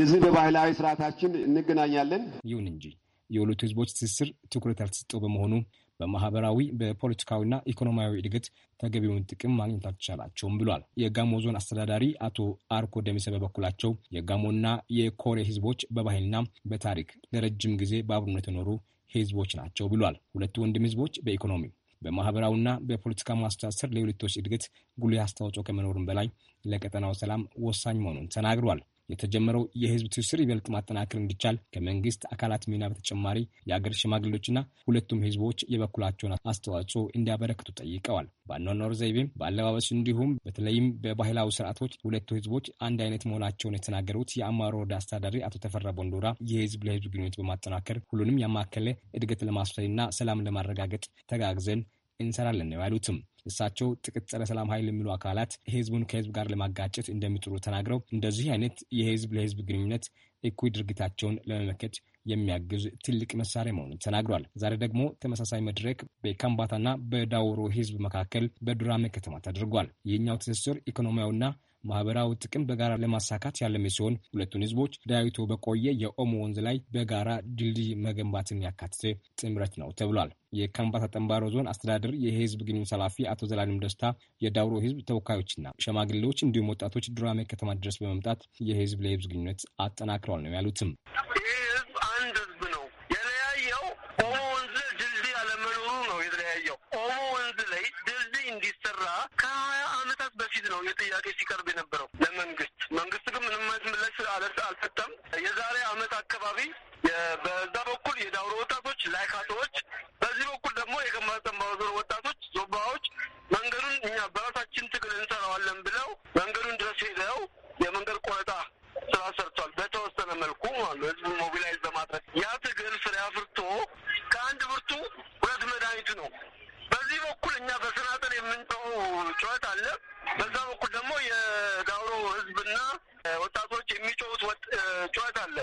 የዚህ በባህላዊ ስርዓታችን እንገናኛለን። ይሁን እንጂ የሁለቱ ህዝቦች ትስስር ትኩረት ያልተሰጠው በመሆኑ በማህበራዊ በፖለቲካዊና ኢኮኖሚያዊ እድገት ተገቢውን ጥቅም ማግኘት አልተቻላቸውም ብሏል። የጋሞ ዞን አስተዳዳሪ አቶ አርኮ ደሚሰ በበኩላቸው የጋሞና የኮሬ ህዝቦች በባህልና በታሪክ ለረጅም ጊዜ በአብሮነት የኖሩ ህዝቦች ናቸው ብሏል። ሁለቱ ወንድም ህዝቦች በኢኮኖሚ በማህበራዊና በፖለቲካ ማስተሳሰር ለሁለቶች እድገት ጉልህ አስተዋጽኦ ከመኖሩም በላይ ለቀጠናው ሰላም ወሳኝ መሆኑን ተናግሯል። የተጀመረው የህዝብ ትስስር ይበልጥ ማጠናከር እንዲቻል ከመንግስት አካላት ሚና በተጨማሪ የአገር ሽማግሌዎችና ሁለቱም ህዝቦች የበኩላቸውን አስተዋጽኦ እንዲያበረክቱ ጠይቀዋል። በአኗኗር ዘይቤም በአለባበሱ፣ እንዲሁም በተለይም በባህላዊ ስርዓቶች ሁለቱ ህዝቦች አንድ አይነት መሆናቸውን የተናገሩት የአማሮ ወረዳ አስተዳዳሪ አቶ ተፈራ ቦንዶራ የህዝብ ለህዝብ ግንኙነት በማጠናከር ሁሉንም ያማከለ እድገት ለማስፈንና ሰላም ለማረጋገጥ ተጋግዘን እንሰራለን ነው ያሉትም። እሳቸው ጥቂት ጸረ ሰላም ኃይል የሚሉ አካላት ህዝቡን ከህዝብ ጋር ለማጋጨት እንደሚጥሩ ተናግረው እንደዚህ አይነት የህዝብ ለህዝብ ግንኙነት እኩይ ድርጊታቸውን ለመመከት የሚያግዝ ትልቅ መሳሪያ መሆኑን ተናግሯል። ዛሬ ደግሞ ተመሳሳይ መድረክ በካምባታና በዳውሮ ህዝብ መካከል በዱራሜ ከተማ ተደርጓል። ይህኛው ትስስር ኢኮኖሚያዊና ማህበራዊ ጥቅም በጋራ ለማሳካት ያለመ ሲሆን ሁለቱን ህዝቦች ዳዊቶ በቆየ የኦሞ ወንዝ ላይ በጋራ ድልድይ መገንባትን ያካትተ ጥምረት ነው ተብሏል። የካምባታ ጠንባሮ ዞን አስተዳደር የህዝብ ግንኙነት ኃላፊ አቶ ዘላለም ደስታ የዳውሮ ህዝብ ተወካዮችና ሸማግሌዎች እንዲሁም ወጣቶች ዱራሜ ከተማ ድረስ በመምጣት የህዝብ ለህዝብ ግንኙነት አጠናክረዋል ነው ያሉትም። ይህ ህዝብ አንድ ህዝብ ነው የጥያቄ ሲቀርብ የነበረው ለመንግስት። መንግስት ግን ምንም አይነት ምላሽ አልሰጠም። የዛሬ አመት አካባቢ በዛ በኩል የዳውሮ ወጣቶች ላይካቶዎች፣ በዚህ በኩል ደግሞ የገማራ ጠምባሮ ወጣቶች ዞባዎች መንገዱን እኛ በራሳችን ትግል እንሰራዋለን ብለው መንገዱን ድረስ ሄደው የመንገድ ቆረጣ ስራ ሰርቷል። በተወሰነ መልኩ አሉ ህዝቡ ሞቢላይዝ በማድረግ ያ ትግል ፍሬ አፍርቶ ከአንድ ብርቱ ሁለት መድኃኒቱ ነው። በዚህ በኩል እኛ በሰናጠን የምንጮው ጩኸት አለ። በዛ በኩል ደግሞ የዳውሮ ህዝብና ወጣቶች የሚጮሁት ጩኸት አለ።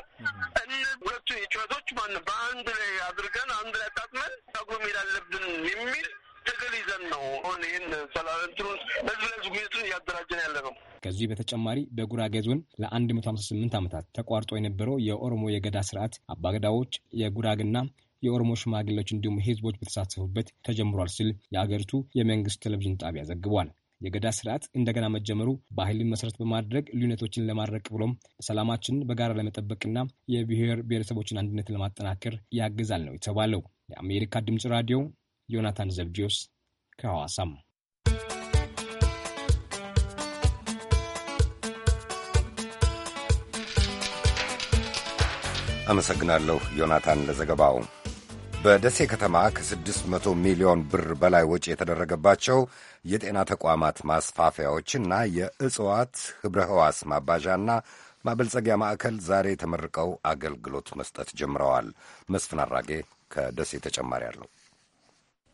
እነ ሁለቱ ጩኸቶች ማነው በአንድ ላይ አድርገን አንድ ላይ አጣጥመን ታጉሮ መሄድ አለብን የሚል ትግል ይዘን ነው አሁን ይህን ሰላንትሩን ህዝብ ለህዝብ ግንኙነቱን እያደራጀን ያለ ነው። ከዚህ በተጨማሪ በጉራጌ ዞን ለ158 ዓመታት ተቋርጦ የነበረው የኦሮሞ የገዳ ስርዓት አባገዳዎች የጉራግና የኦሮሞ ሽማግሌዎች እንዲሁም ህዝቦች በተሳተፉበት ተጀምሯል ሲል የአገሪቱ የመንግስት ቴሌቪዥን ጣቢያ ዘግቧል። የገዳ ስርዓት እንደገና መጀመሩ ባህልን መሰረት በማድረግ ልዩነቶችን ለማድረግ ብሎም ሰላማችን በጋራ ለመጠበቅና የብሔር ብሔረሰቦችን አንድነት ለማጠናከር ያግዛል ነው የተባለው። የአሜሪካ ድምፅ ራዲዮ፣ ዮናታን ዘብዲዮስ ከሐዋሳም። አመሰግናለሁ ዮናታን ለዘገባው። በደሴ ከተማ ከ600 ሚሊዮን ብር በላይ ወጪ የተደረገባቸው የጤና ተቋማት ማስፋፊያዎችና የእጽዋት ኅብረ ሕዋስ ማባዣና ማበልጸጊያ ማዕከል ዛሬ ተመርቀው አገልግሎት መስጠት ጀምረዋል። መስፍን አራጌ ከደሴ ተጨማሪ አለው።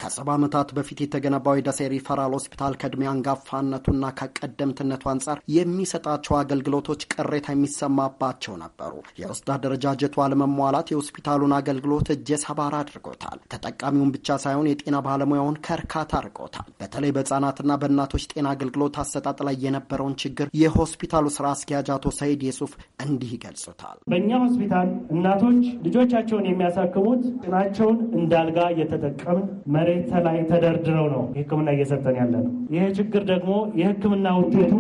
ከ ዓመታት በፊት የተገነባው የደሴ ሪፈራል ሆስፒታል ከእድሜ አንጋፋነቱና ከቀደምትነቱ አንጻር የሚሰጣቸው አገልግሎቶች ቅሬታ የሚሰማባቸው ነበሩ። የውስጥ አደረጃጀቱ አለመሟላት የሆስፒታሉን አገልግሎት እጀ ሰባር አድርጎታል። ተጠቃሚውን ብቻ ሳይሆን የጤና ባለሙያውን ከእርካታ አድርጎታል። በተለይ በህጻናትና በእናቶች ጤና አገልግሎት አሰጣጥ ላይ የነበረውን ችግር የሆስፒታሉ ስራ አስኪያጅ አቶ ሰይድ የሱፍ እንዲህ ይገልጹታል። በእኛ ሆስፒታል እናቶች ልጆቻቸውን የሚያሳክሙት ጤናቸውን እንዳልጋ እየተጠቀምን መሬት ላይ ተደርድረው ነው ሕክምና እየሰጠን ያለ ነው። ይህ ችግር ደግሞ የሕክምና ውጤቱ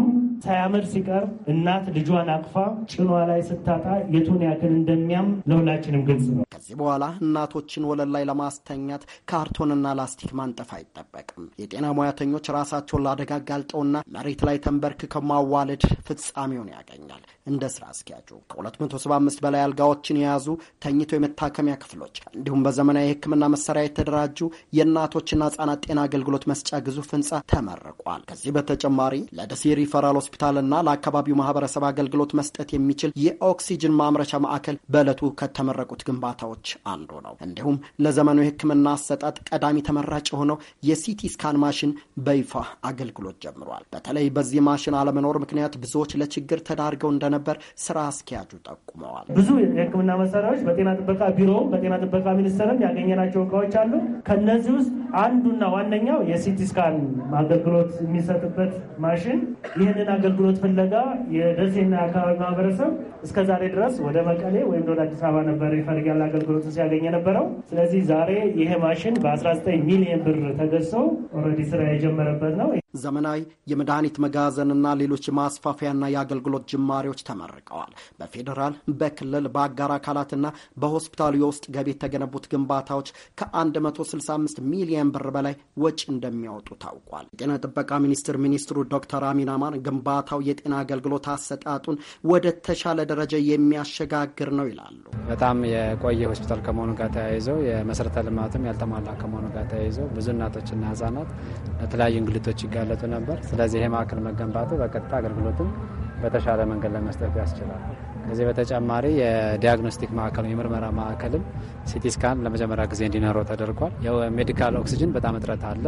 ሳያምር ሲቀር እናት ልጇን አቅፋ ጭኗ ላይ ስታጣ የቱን ያክል እንደሚያም ለሁላችንም ግልጽ ነው። ከዚህ በኋላ እናቶችን ወለል ላይ ለማስተኛት ካርቶንና ላስቲክ ማንጠፍ አይጠበቅም። የጤና ሙያተኞች ራሳቸውን ለአደጋ ጋልጠውና መሬት ላይ ተንበርክ ከማዋለድ ፍጻሜውን ያገኛል። እንደ ስራ አስኪያጁ ከ275 በላይ አልጋዎችን የያዙ ተኝቶ የመታከሚያ ክፍሎች እንዲሁም በዘመናዊ የህክምና መሳሪያ የተደራጁ የና እናቶችና ህጻናት ጤና አገልግሎት መስጫ ግዙፍ ህንጻ ተመርቋል። ከዚህ በተጨማሪ ለደሴ ሪፈራል ሆስፒታልና ለአካባቢው ማህበረሰብ አገልግሎት መስጠት የሚችል የኦክሲጅን ማምረቻ ማዕከል በዕለቱ ከተመረቁት ግንባታዎች አንዱ ነው። እንዲሁም ለዘመኑ የህክምና አሰጣጥ ቀዳሚ ተመራጭ የሆነው የሲቲ ስካን ማሽን በይፋ አገልግሎት ጀምሯል። በተለይ በዚህ ማሽን አለመኖር ምክንያት ብዙዎች ለችግር ተዳርገው እንደነበር ስራ አስኪያጁ ጠቁመዋል። ብዙ የህክምና መሳሪያዎች በጤና ጥበቃ ቢሮውም በጤና ጥበቃ ሚኒስቴርም ያገኘናቸው እቃዎች አሉ። ከነዚህ ውስጥ አንዱና ዋነኛው የሲቲ ስካን አገልግሎት የሚሰጥበት ማሽን ይህንን አገልግሎት ፍለጋ የደሴና የአካባቢ ማህበረሰብ እስከ ዛሬ ድረስ ወደ መቀሌ ወይም ወደ አዲስ አበባ ነበር ይፈልግ ያለ ሲያገኝ የነበረው። ስለዚህ ዛሬ ይሄ ማሽን በ19 ሚሊዮን ብር ተገዝቶ ኦልሬዲ ስራ የጀመረበት ነው። ዘመናዊ የመድኃኒት መጋዘንና ሌሎች የማስፋፊያና የአገልግሎት ጅማሬዎች ተመርቀዋል። በፌዴራል በክልል በአጋር አካላትና በሆስፒታሉ የውስጥ ገቢ የተገነቡት ግንባታዎች ከ165 ሚሊየን ብር በላይ ወጪ እንደሚያወጡ ታውቋል። የጤና ጥበቃ ሚኒስትር ሚኒስትሩ ዶክተር አሚን አማን ግንባታው የጤና አገልግሎት አሰጣጡን ወደ ተሻለ ደረጃ የሚያሸጋግር ነው ይላሉ። በጣም የቆየ ሆስፒታል ከመሆኑ ጋር ተያይዞ የመሰረተ ልማትም ያልተሟላ ከመሆኑ ጋር ተያይዞ ብዙ እናቶችና ህጻናት ለተለያዩ እንግልቶች ይጋለጡ ነበር። ስለዚህ ይሄ ማዕከል መገንባቱ በቀጥታ አገልግሎትም በተሻለ መንገድ ለመስጠት ያስችላል። ከዚህ በተጨማሪ የዲያግኖስቲክ ማዕከል የምርመራ ማዕከልም ሲቲ ስካን ለመጀመሪያ ጊዜ እንዲኖረው ተደርጓል። ያው ሜዲካል ኦክሲጅን በጣም እጥረት አለ።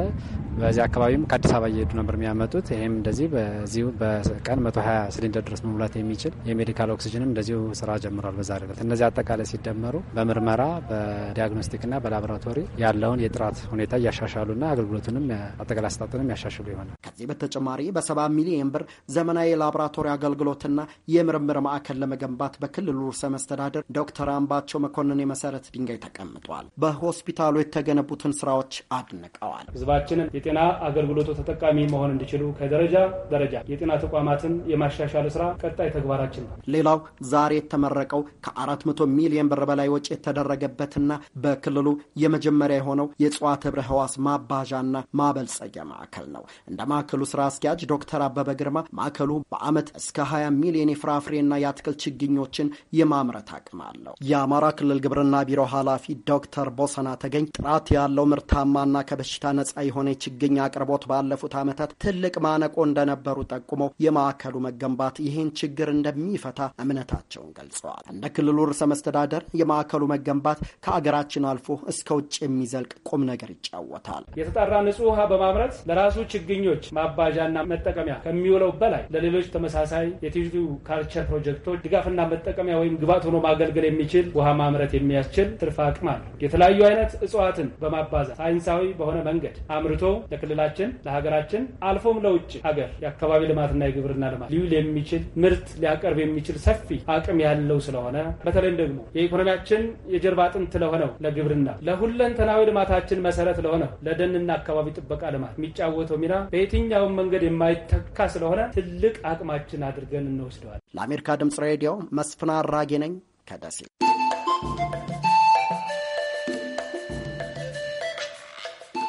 በዚህ አካባቢም ከአዲስ አበባ እየሄዱ ነበር የሚያመጡት። ይህም እንደዚህ በዚሁ በቀን ሀያ ሲሊንደር ድረስ መሙላት የሚችል የሜዲካል ኦክሲጅንም እንደዚሁ ስራ ጀምሯል። በዛሬው ዕለት እነዚህ አጠቃላይ ሲደመሩ በምርመራ በዲያግኖስቲክና በላቦራቶሪ ያለውን የጥራት ሁኔታ እያሻሻሉና አገልግሎቱንም አጠቃላይ አሰጣጡንም ያሻሽሉ ይሆናል። ከዚህ በተጨማሪ በሰባ ሚሊየን ብር ዘመናዊ የላቦራቶሪ አገልግሎትና የምርምር ማዕከል ለመገንባት በክልሉ ርዕሰ መስተዳደር ዶክተር አምባቸው መኮንን የመሰረት ድንጋ ድንጋይ ተቀምጧል። በሆስፒታሉ የተገነቡትን ስራዎች አድንቀዋል። ህዝባችንን የጤና አገልግሎቱ ተጠቃሚ መሆን እንዲችሉ ከደረጃ ደረጃ የጤና ተቋማትን የማሻሻል ስራ ቀጣይ ተግባራችን ነው። ሌላው ዛሬ የተመረቀው ከ400 ሚሊዮን ብር በላይ ወጪ የተደረገበትና በክልሉ የመጀመሪያ የሆነው የእጽዋት ህብረ ህዋስ ማባዣና ማበልጸጊያ ማዕከል ነው። እንደ ማዕከሉ ስራ አስኪያጅ ዶክተር አበበ ግርማ ማዕከሉ በዓመት እስከ 20 ሚሊዮን የፍራፍሬና የአትክልት ችግኞችን የማምረት አቅም አለው። የአማራ ክልል ግብርና ቢሮ ኃላፊ ዶክተር ቦሰና ተገኝ ጥራት ያለው ምርታማና ከበሽታ ነጻ የሆነ የችግኝ አቅርቦት ባለፉት ዓመታት ትልቅ ማነቆ እንደነበሩ ጠቁመው የማዕከሉ መገንባት ይህን ችግር እንደሚፈታ እምነታቸውን ገልጸዋል። እንደ ክልሉ ርዕሰ መስተዳደር የማዕከሉ መገንባት ከአገራችን አልፎ እስከ ውጭ የሚዘልቅ ቁም ነገር ይጫወታል። የተጣራ ንጹህ ውሃ በማምረት ለራሱ ችግኞች ማባዣና መጠቀሚያ ከሚውለው በላይ ለሌሎች ተመሳሳይ የቲሹ ካልቸር ፕሮጀክቶች ድጋፍና መጠቀሚያ ወይም ግብዓት ሆኖ ማገልገል የሚችል ውሃ ማምረት የሚያስችል ትርፍ አቅም አለው። የተለያዩ አይነት እጽዋትን በማባዛት ሳይንሳዊ በሆነ መንገድ አምርቶ ለክልላችን፣ ለሀገራችን አልፎም ለውጭ ሀገር የአካባቢ ልማትና የግብርና ልማት ሊውል የሚችል ምርት ሊያቀርብ የሚችል ሰፊ አቅም ያለው ስለሆነ በተለይም ደግሞ የኢኮኖሚያችን የጀርባ አጥንት ለሆነው ለግብርና፣ ለሁለንተናዊ ልማታችን መሰረት ለሆነው ለደንና አካባቢ ጥበቃ ልማት የሚጫወተው ሚና በየትኛውም መንገድ የማይተካ ስለሆነ ትልቅ አቅማችን አድርገን እንወስደዋል። ለአሜሪካ ድምጽ ሬዲዮ መስፍን አራጌ ነኝ ከደሴ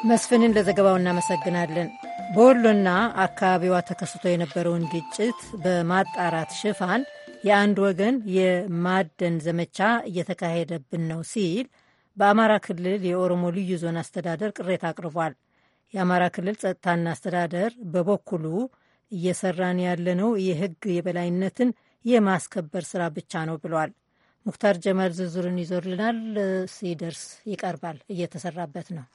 መስፍንን ለዘገባው እናመሰግናለን። በወሎና አካባቢዋ ተከስቶ የነበረውን ግጭት በማጣራት ሽፋን የአንድ ወገን የማደን ዘመቻ እየተካሄደብን ነው ሲል በአማራ ክልል የኦሮሞ ልዩ ዞን አስተዳደር ቅሬታ አቅርቧል። የአማራ ክልል ጸጥታና አስተዳደር በበኩሉ እየሰራን ያለነው የሕግ የበላይነትን የማስከበር ስራ ብቻ ነው ብሏል። ሙክታር ጀማል ዝርዝሩን ይዞልናል፣ ሲደርስ ይቀርባል። እየተሰራበት ነው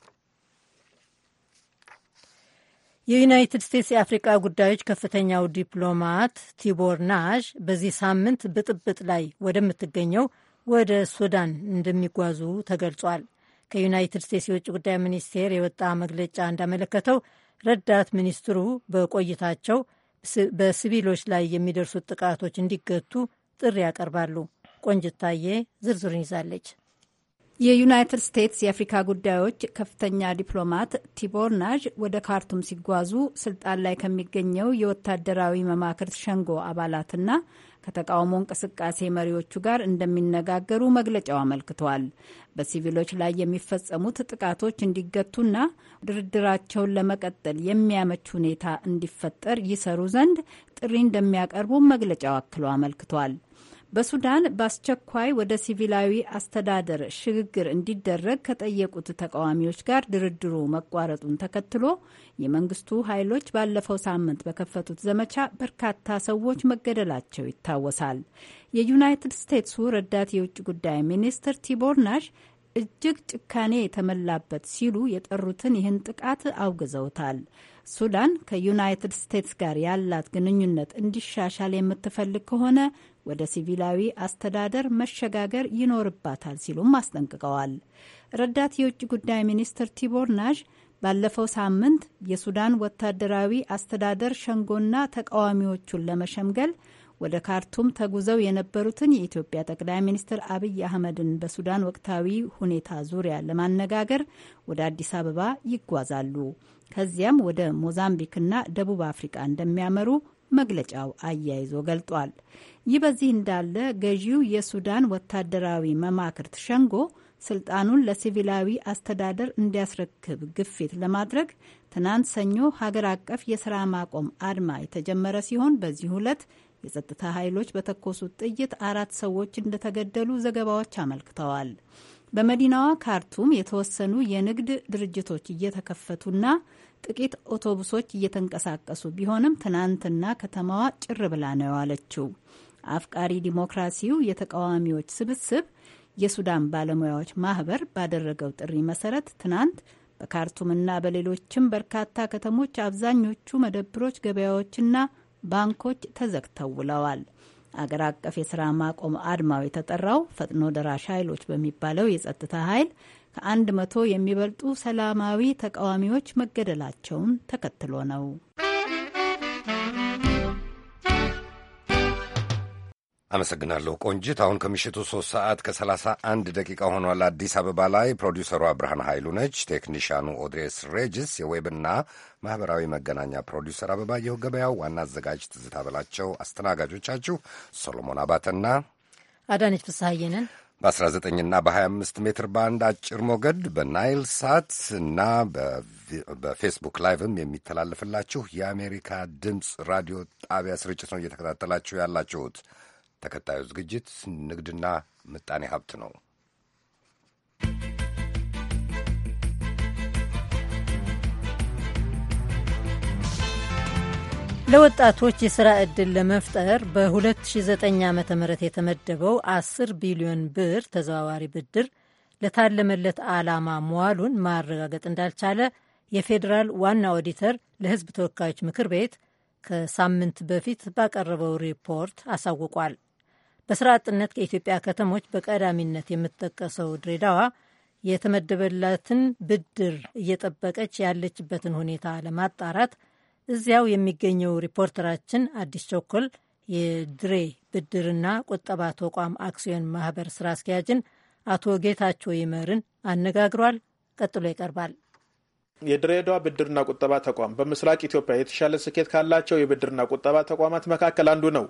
የዩናይትድ ስቴትስ የአፍሪቃ ጉዳዮች ከፍተኛው ዲፕሎማት ቲቦር ናዥ በዚህ ሳምንት ብጥብጥ ላይ ወደምትገኘው ወደ ሱዳን እንደሚጓዙ ተገልጿል። ከዩናይትድ ስቴትስ የውጭ ጉዳይ ሚኒስቴር የወጣ መግለጫ እንዳመለከተው ረዳት ሚኒስትሩ በቆይታቸው በሲቪሎች ላይ የሚደርሱት ጥቃቶች እንዲገቱ ጥሪ ያቀርባሉ። ቆንጅታዬ ዝርዝሩን ይዛለች። የዩናይትድ ስቴትስ የአፍሪካ ጉዳዮች ከፍተኛ ዲፕሎማት ቲቦር ናዥ ወደ ካርቱም ሲጓዙ ስልጣን ላይ ከሚገኘው የወታደራዊ መማክርት ሸንጎ አባላትና ከተቃውሞ እንቅስቃሴ መሪዎቹ ጋር እንደሚነጋገሩ መግለጫው አመልክቷል። በሲቪሎች ላይ የሚፈጸሙት ጥቃቶች እንዲገቱና ድርድራቸውን ለመቀጠል የሚያመች ሁኔታ እንዲፈጠር ይሰሩ ዘንድ ጥሪ እንደሚያቀርቡ መግለጫው አክሎ አመልክቷል። በሱዳን በአስቸኳይ ወደ ሲቪላዊ አስተዳደር ሽግግር እንዲደረግ ከጠየቁት ተቃዋሚዎች ጋር ድርድሩ መቋረጡን ተከትሎ የመንግስቱ ኃይሎች ባለፈው ሳምንት በከፈቱት ዘመቻ በርካታ ሰዎች መገደላቸው ይታወሳል። የዩናይትድ ስቴትሱ ረዳት የውጭ ጉዳይ ሚኒስትር ቲቦር ናሽ እጅግ ጭካኔ የተመላበት ሲሉ የጠሩትን ይህን ጥቃት አውግዘውታል። ሱዳን ከዩናይትድ ስቴትስ ጋር ያላት ግንኙነት እንዲሻሻል የምትፈልግ ከሆነ ወደ ሲቪላዊ አስተዳደር መሸጋገር ይኖርባታል ሲሉም አስጠንቅቀዋል። ረዳት የውጭ ጉዳይ ሚኒስትር ቲቦር ናዥ ባለፈው ሳምንት የሱዳን ወታደራዊ አስተዳደር ሸንጎና ተቃዋሚዎቹን ለመሸምገል ወደ ካርቱም ተጉዘው የነበሩትን የኢትዮጵያ ጠቅላይ ሚኒስትር አብይ አህመድን በሱዳን ወቅታዊ ሁኔታ ዙሪያ ለማነጋገር ወደ አዲስ አበባ ይጓዛሉ። ከዚያም ወደ ሞዛምቢክና ደቡብ አፍሪቃ እንደሚያመሩ መግለጫው አያይዞ ገልጧል። ይህ በዚህ እንዳለ ገዢው የሱዳን ወታደራዊ መማክርት ሸንጎ ስልጣኑን ለሲቪላዊ አስተዳደር እንዲያስረክብ ግፊት ለማድረግ ትናንት ሰኞ ሀገር አቀፍ የስራ ማቆም አድማ የተጀመረ ሲሆን በዚህ ሁለት የጸጥታ ኃይሎች በተኮሱት ጥይት አራት ሰዎች እንደተገደሉ ዘገባዎች አመልክተዋል። በመዲናዋ ካርቱም የተወሰኑ የንግድ ድርጅቶች እየተከፈቱና ጥቂት አውቶቡሶች እየተንቀሳቀሱ ቢሆንም ትናንትና ከተማዋ ጭር ብላ ነው የዋለችው። አፍቃሪ ዲሞክራሲው የተቃዋሚዎች ስብስብ የሱዳን ባለሙያዎች ማህበር ባደረገው ጥሪ መሰረት ትናንት በካርቱምና በሌሎችም በርካታ ከተሞች አብዛኞቹ መደብሮች፣ ገበያዎችና ባንኮች ተዘግተው ውለዋል። አገር አቀፍ የስራ ማቆም አድማው የተጠራው ፈጥኖ ደራሽ ኃይሎች በሚባለው የጸጥታ ኃይል ከአንድ መቶ የሚበልጡ ሰላማዊ ተቃዋሚዎች መገደላቸውን ተከትሎ ነው። አመሰግናለሁ ቆንጂት። አሁን ከምሽቱ ሶስት ሰዓት ከሰላሳ አንድ ደቂቃ ሆኗል አዲስ አበባ ላይ። ፕሮዲውሰሯ ብርሃን ኃይሉ ነች። ቴክኒሻኑ ኦድሬስ ሬጅስ፣ የዌብና ማኅበራዊ መገናኛ ፕሮዲውሰር አበባየሁ ገበያው፣ ዋና አዘጋጅ ትዝታ በላቸው፣ አስተናጋጆቻችሁ ሶሎሞን አባተና አዳነች ፍስሐዬ በ19 ና በ25 ሜትር ባንድ አጭር ሞገድ በናይል ሳት እና በፌስቡክ ላይቭም የሚተላለፍላችሁ የአሜሪካ ድምፅ ራዲዮ ጣቢያ ስርጭት ነው እየተከታተላችሁ ያላችሁት። ተከታዩ ዝግጅት ንግድና ምጣኔ ሀብት ነው። ለወጣቶች የሥራ ዕድል ለመፍጠር በ2009 ዓ ም የተመደበው 10 ቢሊዮን ብር ተዘዋዋሪ ብድር ለታለመለት ዓላማ መዋሉን ማረጋገጥ እንዳልቻለ የፌዴራል ዋና ኦዲተር ለሕዝብ ተወካዮች ምክር ቤት ከሳምንት በፊት ባቀረበው ሪፖርት አሳውቋል። በሥራ አጥነት ከኢትዮጵያ ከተሞች በቀዳሚነት የምትጠቀሰው ድሬዳዋ የተመደበላትን ብድር እየጠበቀች ያለችበትን ሁኔታ ለማጣራት እዚያው የሚገኘው ሪፖርተራችን አዲስ ቸኮል የድሬ ብድርና ቁጠባ ተቋም አክሲዮን ማህበር ስራ አስኪያጅን አቶ ጌታቸው ይመርን አነጋግሯል። ቀጥሎ ይቀርባል። የድሬዳዋ ብድርና ቁጠባ ተቋም በምስራቅ ኢትዮጵያ የተሻለ ስኬት ካላቸው የብድርና ቁጠባ ተቋማት መካከል አንዱ ነው።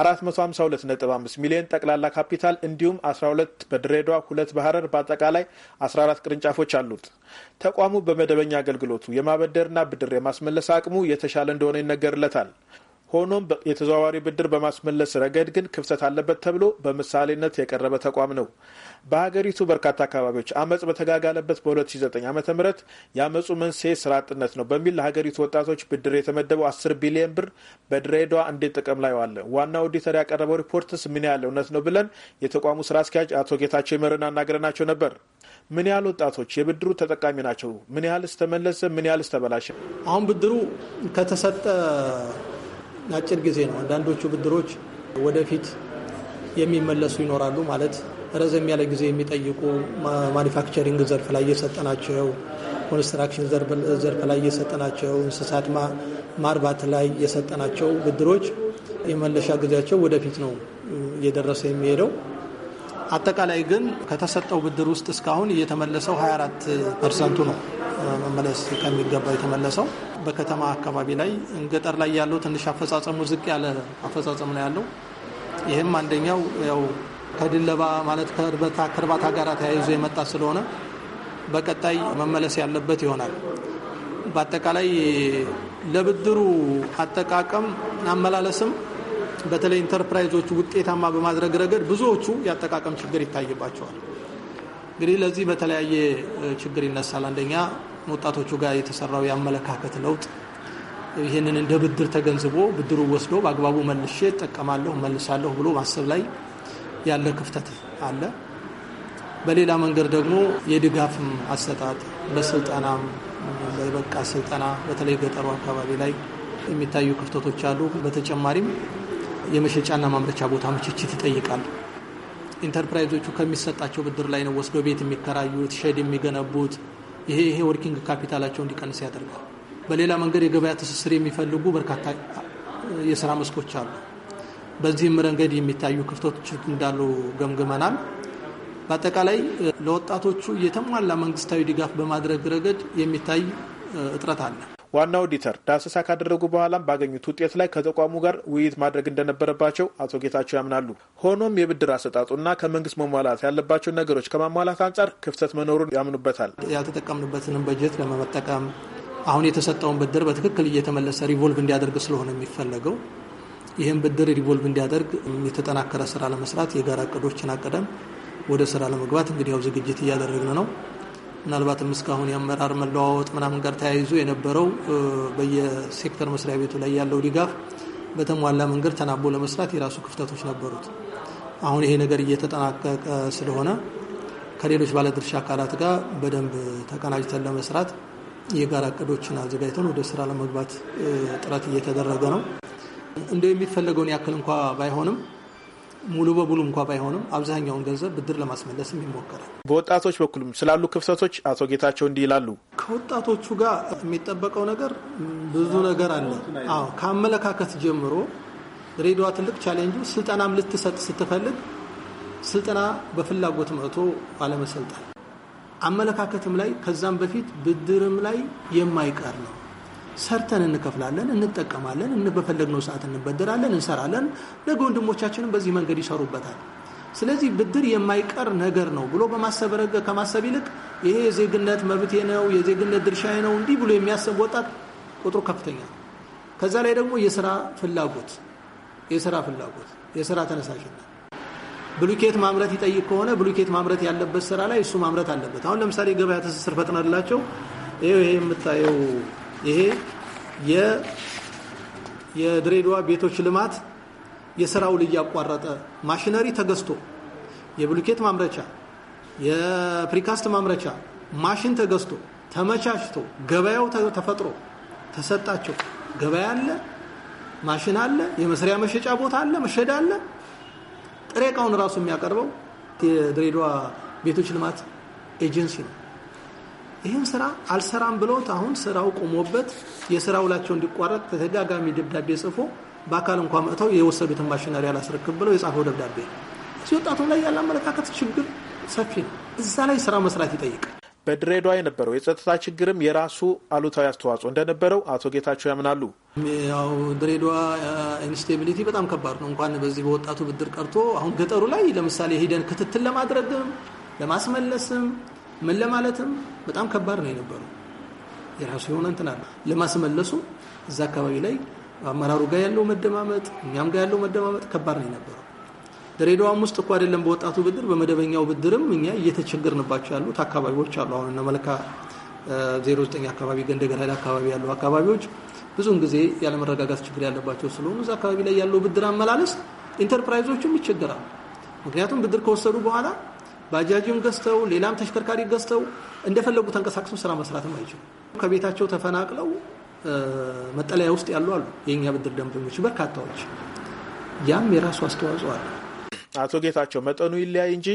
452.5 ሚሊዮን ጠቅላላ ካፒታል እንዲሁም 12 በድሬዳዋ ሁለት በሀረር በአጠቃላይ 14 ቅርንጫፎች አሉት። ተቋሙ በመደበኛ አገልግሎቱ የማበደርና ብድር የማስመለስ አቅሙ የተሻለ እንደሆነ ይነገርለታል። ሆኖም የተዘዋዋሪ ብድር በማስመለስ ረገድ ግን ክፍተት አለበት ተብሎ በምሳሌነት የቀረበ ተቋም ነው። በሀገሪቱ በርካታ አካባቢዎች አመፅ በተጋጋለበት በ2009 ዓ ም የአመፁ መንስኤ ስራ አጥነት ነው በሚል ለሀገሪቱ ወጣቶች ብድር የተመደበው 10 ቢሊዮን ብር በድሬዳዋ እንዴት ጥቅም ላይ ዋለ? ዋና ኦዲተር ያቀረበው ሪፖርትስ ምን ያህል እውነት ነው ብለን የተቋሙ ስራ አስኪያጅ አቶ ጌታቸው ይመርን አናግረናቸው ነበር። ምን ያህል ወጣቶች የብድሩ ተጠቃሚ ናቸው? ምን ያህል ስተመለሰ? ምን ያህል ስተበላሸ? አሁን ብድሩ ከተሰጠ አጭር ጊዜ ነው። አንዳንዶቹ ብድሮች ወደፊት የሚመለሱ ይኖራሉ። ማለት ረዘም ያለ ጊዜ የሚጠይቁ ማኒፋክቸሪንግ ዘርፍ ላይ እየሰጠናቸው፣ ኮንስትራክሽን ዘርፍ ላይ እየሰጠናቸው፣ እንስሳት ማርባት ላይ የሰጠናቸው ብድሮች የመለሻ ጊዜያቸው ወደፊት ነው እየደረሰ የሚሄደው። አጠቃላይ ግን ከተሰጠው ብድር ውስጥ እስካሁን እየተመለሰው 24 ፐርሰንቱ ነው። መመለስ ከሚገባ የተመለሰው። በከተማ አካባቢ ላይ ገጠር ላይ ያለው ትንሽ አፈጻጸሙ ዝቅ ያለ አፈጻጸም ነው ያለው። ይህም አንደኛው ያው ከድለባ ማለት ከእርባታ ጋር ተያይዞ የመጣ ስለሆነ በቀጣይ መመለስ ያለበት ይሆናል። በአጠቃላይ ለብድሩ አጠቃቀም አመላለስም በተለይ ኢንተርፕራይዞቹ ውጤታማ በማድረግ ረገድ ብዙዎቹ የአጠቃቀም ችግር ይታይባቸዋል። እንግዲህ ለዚህ በተለያየ ችግር ይነሳል። አንደኛ ወጣቶቹ ጋር የተሰራው የአመለካከት ለውጥ ይህንን እንደ ብድር ተገንዝቦ ብድሩ ወስዶ በአግባቡ መልሼ እጠቀማለሁ መልሳለሁ ብሎ ማሰብ ላይ ያለ ክፍተት አለ። በሌላ መንገድ ደግሞ የድጋፍም አሰጣጥ በስልጠናም በበቃ ስልጠና በተለይ ገጠሩ አካባቢ ላይ የሚታዩ ክፍተቶች አሉ። በተጨማሪም የመሸጫና ማምረቻ ቦታ ምችችት ይጠይቃል። ኢንተርፕራይዞቹ ከሚሰጣቸው ብድር ላይ ነው ወስደው ቤት የሚከራዩት፣ ሸድ የሚገነቡት። ይሄ ይሄ ወርኪንግ ካፒታላቸው እንዲቀንስ ያደርጋል። በሌላ መንገድ የገበያ ትስስር የሚፈልጉ በርካታ የስራ መስኮች አሉ። በዚህም ረንገድ የሚታዩ ክፍተቶች እንዳሉ ገምግመናል። በአጠቃላይ ለወጣቶቹ የተሟላ መንግስታዊ ድጋፍ በማድረግ ረገድ የሚታይ እጥረት አለ። ዋና ኦዲተር ዳሰሳ ካደረጉ በኋላም ባገኙት ውጤት ላይ ከተቋሙ ጋር ውይይት ማድረግ እንደነበረባቸው አቶ ጌታቸው ያምናሉ። ሆኖም የብድር አሰጣጡና ከመንግስት መሟላት ያለባቸው ነገሮች ከማሟላት አንጻር ክፍተት መኖሩን ያምኑበታል። ያልተጠቀምንበትንም በጀት ለመጠቀም አሁን የተሰጠውን ብድር በትክክል እየተመለሰ ሪቮልቭ እንዲያደርግ ስለሆነ የሚፈለገው ይህም ብድር ሪቮልቭ እንዲያደርግ የተጠናከረ ስራ ለመስራት የጋራ እቅዶችን አቅደም ወደ ስራ ለመግባት እንግዲህ ያው ዝግጅት እያደረግን ነው። ምናልባትም እስካሁን የአመራር መለዋወጥ ምናምን ጋር ተያይዞ የነበረው በየሴክተር መስሪያ ቤቱ ላይ ያለው ድጋፍ በተሟላ መንገድ ተናቦ ለመስራት የራሱ ክፍተቶች ነበሩት። አሁን ይሄ ነገር እየተጠናቀቀ ስለሆነ ከሌሎች ባለድርሻ አካላት ጋር በደንብ ተቀናጅተን ለመስራት የጋራ እቅዶችን አዘጋጅተን ወደ ስራ ለመግባት ጥረት እየተደረገ ነው። እንደው የሚፈለገውን ያክል እንኳ ባይሆንም ሙሉ በሙሉ እንኳ ባይሆንም አብዛኛውን ገንዘብ ብድር ለማስመለስም ይሞከራል። በወጣቶች በኩልም ስላሉ ክፍተቶች አቶ ጌታቸው እንዲህ ይላሉ። ከወጣቶቹ ጋር የሚጠበቀው ነገር ብዙ ነገር አለ። አዎ ከአመለካከት ጀምሮ ሬዲዋ ትልቅ ቻሌንጁ ስልጠናም ልትሰጥ ስትፈልግ ስልጠና በፍላጎት መቶ አለመሰልጠን፣ አመለካከትም ላይ ከዛም በፊት ብድርም ላይ የማይቀር ነው። ሰርተን እንከፍላለን፣ እንጠቀማለን፣ በፈለግነው ሰዓት እንበደራለን፣ እንሰራለን። ነገ ወንድሞቻችንም በዚህ መንገድ ይሰሩበታል። ስለዚህ ብድር የማይቀር ነገር ነው ብሎ በማሰብ ረገ ከማሰብ ይልቅ ይሄ የዜግነት መብቴ ነው የዜግነት ድርሻዬ ነው እንዲህ ብሎ የሚያሰብ ወጣት ቁጥሩ ከፍተኛ ነው። ከዛ ላይ ደግሞ የስራ ፍላጎት የስራ ፍላጎት የስራ ተነሳሽነት ብሉኬት ማምረት ይጠይቅ ከሆነ ብሉኬት ማምረት ያለበት ስራ ላይ እሱ ማምረት አለበት። አሁን ለምሳሌ ገበያ ትስስር ፈጥነላቸው ይሄ የምታየው ይሄ የድሬዳዋ ቤቶች ልማት የስራ ውል እያቋረጠ ማሽነሪ ተገዝቶ የብሉኬት ማምረቻ የፕሪካስት ማምረቻ ማሽን ተገዝቶ ተመቻችቶ ገበያው ተፈጥሮ ተሰጣቸው። ገበያ አለ፣ ማሽን አለ፣ የመስሪያ መሸጫ ቦታ አለ፣ መሸዳ አለ። ጥሬ እቃውን ራሱ የሚያቀርበው የድሬዳዋ ቤቶች ልማት ኤጀንሲ ነው። ይህን ስራ አልሰራም ብሎት አሁን ስራው ቆሞበት የስራ ውላቸው እንዲቋረጥ ተደጋጋሚ ደብዳቤ ጽፎ በአካል እንኳ መጥተው የወሰዱትን ማሽነሪ አላስረክብ ብለው የጻፈው ደብዳቤ እዚህ ወጣቱ ላይ ያለ አመለካከት ችግር ሰፊ ነው። እዛ ላይ ስራ መስራት ይጠይቃል። በድሬዳዋ የነበረው የጸጥታ ችግርም የራሱ አሉታዊ አስተዋጽኦ እንደነበረው አቶ ጌታቸው ያምናሉ። ያው ድሬዳዋ ኢንስቴቢሊቲ በጣም ከባድ ነው። እንኳን በዚህ በወጣቱ ብድር ቀርቶ አሁን ገጠሩ ላይ ለምሳሌ ሂደን ክትትል ለማድረግም ለማስመለስም ምን ለማለትም በጣም ከባድ ነው የነበረው። የራሱ የሆነ እንትና ለማስመለሱ እዛ አካባቢ ላይ አመራሩ ጋር ያለው መደማመጥ፣ እኛም ጋር ያለው መደማመጥ ከባድ ነው የነበረው። ድሬዳዋም ውስጥ እኮ አይደለም በወጣቱ ብድር በመደበኛው ብድርም እኛ እየተቸገርንባቸው ያሉት አካባቢዎች አሉ። አሁን እነ መልካ 09 አካባቢ ገንደገር ኃይል አካባቢ ያሉ አካባቢዎች ብዙውን ጊዜ ያለመረጋጋት ችግር ያለባቸው ስለሆኑ እዛ አካባቢ ላይ ያለው ብድር አመላለስ ኢንተርፕራይዞቹም ይቸገራሉ። ምክንያቱም ብድር ከወሰዱ በኋላ ባጃጅም ገዝተው ሌላም ተሽከርካሪ ገዝተው እንደፈለጉ ተንቀሳቅሰው ስራ መስራትም አይችሉ። ከቤታቸው ተፈናቅለው መጠለያ ውስጥ ያሉ አሉ። የእኛ ብድር ደንበኞች በርካታዎች። ያም የራሱ አስተዋጽኦ አለ። አቶ ጌታቸው መጠኑ ይለያይ እንጂ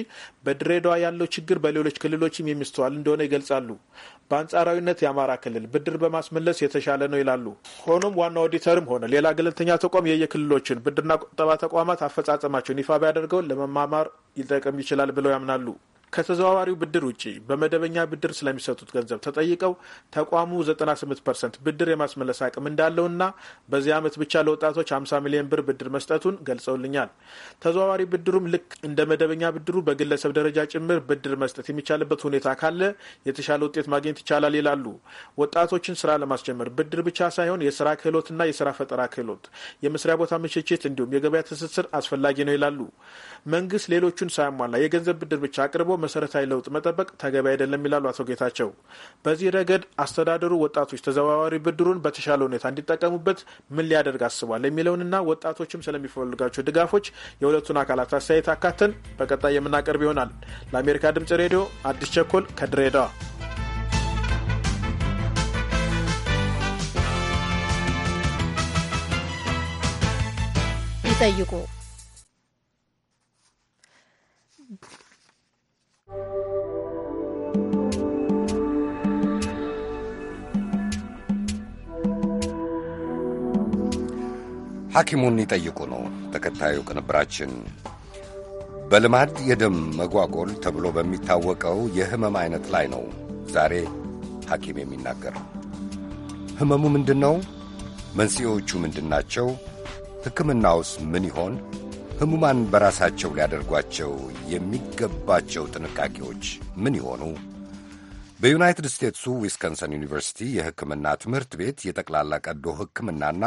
በድሬዳዋ ያለው ችግር በሌሎች ክልሎችም የሚስተዋል እንደሆነ ይገልጻሉ። በአንጻራዊነት የአማራ ክልል ብድር በማስመለስ የተሻለ ነው ይላሉ። ሆኖም ዋና ኦዲተርም ሆነ ሌላ ገለልተኛ ተቋም የየክልሎችን ብድርና ቁጠባ ተቋማት አፈጻጸማቸውን ይፋ ቢያደርገውን ለመማማር ሊጠቅም ይችላል ብለው ያምናሉ። ከተዘዋዋሪው ብድር ውጭ በመደበኛ ብድር ስለሚሰጡት ገንዘብ ተጠይቀው ተቋሙ 98 ፐርሰንት ብድር የማስመለስ አቅም እንዳለውና በዚህ ዓመት ብቻ ለወጣቶች 50 ሚሊዮን ብር ብድር መስጠቱን ገልጸውልኛል። ተዘዋዋሪ ብድሩም ልክ እንደ መደበኛ ብድሩ በግለሰብ ደረጃ ጭምር ብድር መስጠት የሚቻልበት ሁኔታ ካለ የተሻለ ውጤት ማግኘት ይቻላል ይላሉ። ወጣቶችን ስራ ለማስጀመር ብድር ብቻ ሳይሆን የስራ ክህሎትና የስራ ፈጠራ ክህሎት፣ የመስሪያ ቦታ ምችችት እንዲሁም የገበያ ትስስር አስፈላጊ ነው ይላሉ። መንግስት ሌሎቹን ሳያሟላ የገንዘብ ብድር ብቻ አቅርቦ መሰረታዊ ለውጥ መጠበቅ ተገቢ አይደለም ይላሉ አቶ ጌታቸው። በዚህ ረገድ አስተዳደሩ ወጣቶች ተዘዋዋሪ ብድሩን በተሻለ ሁኔታ እንዲጠቀሙበት ምን ሊያደርግ አስቧል የሚለውንና ወጣቶችም ስለሚፈልጋቸው ድጋፎች የሁለቱን አካላት አስተያየት አካተን በቀጣይ የምናቀርብ ይሆናል። ለአሜሪካ ድምጽ ሬዲዮ አዲስ ቸኮል ከድሬዳዋ። ይጠይቁ ሐኪሙን ይጠይቁ ነው ተከታዩ ቅንብራችን። በልማድ የደም መጓጎል ተብሎ በሚታወቀው የህመም አይነት ላይ ነው ዛሬ ሐኪም የሚናገር። ህመሙ ምንድን ነው? መንስኤዎቹ ምንድናቸው? ሕክምናውስ ምን ይሆን? ህሙማን በራሳቸው ሊያደርጓቸው የሚገባቸው ጥንቃቄዎች ምን ይሆኑ? በዩናይትድ ስቴትሱ ዊስኮንሰን ዩኒቨርሲቲ የሕክምና ትምህርት ቤት የጠቅላላ ቀዶ ሕክምናና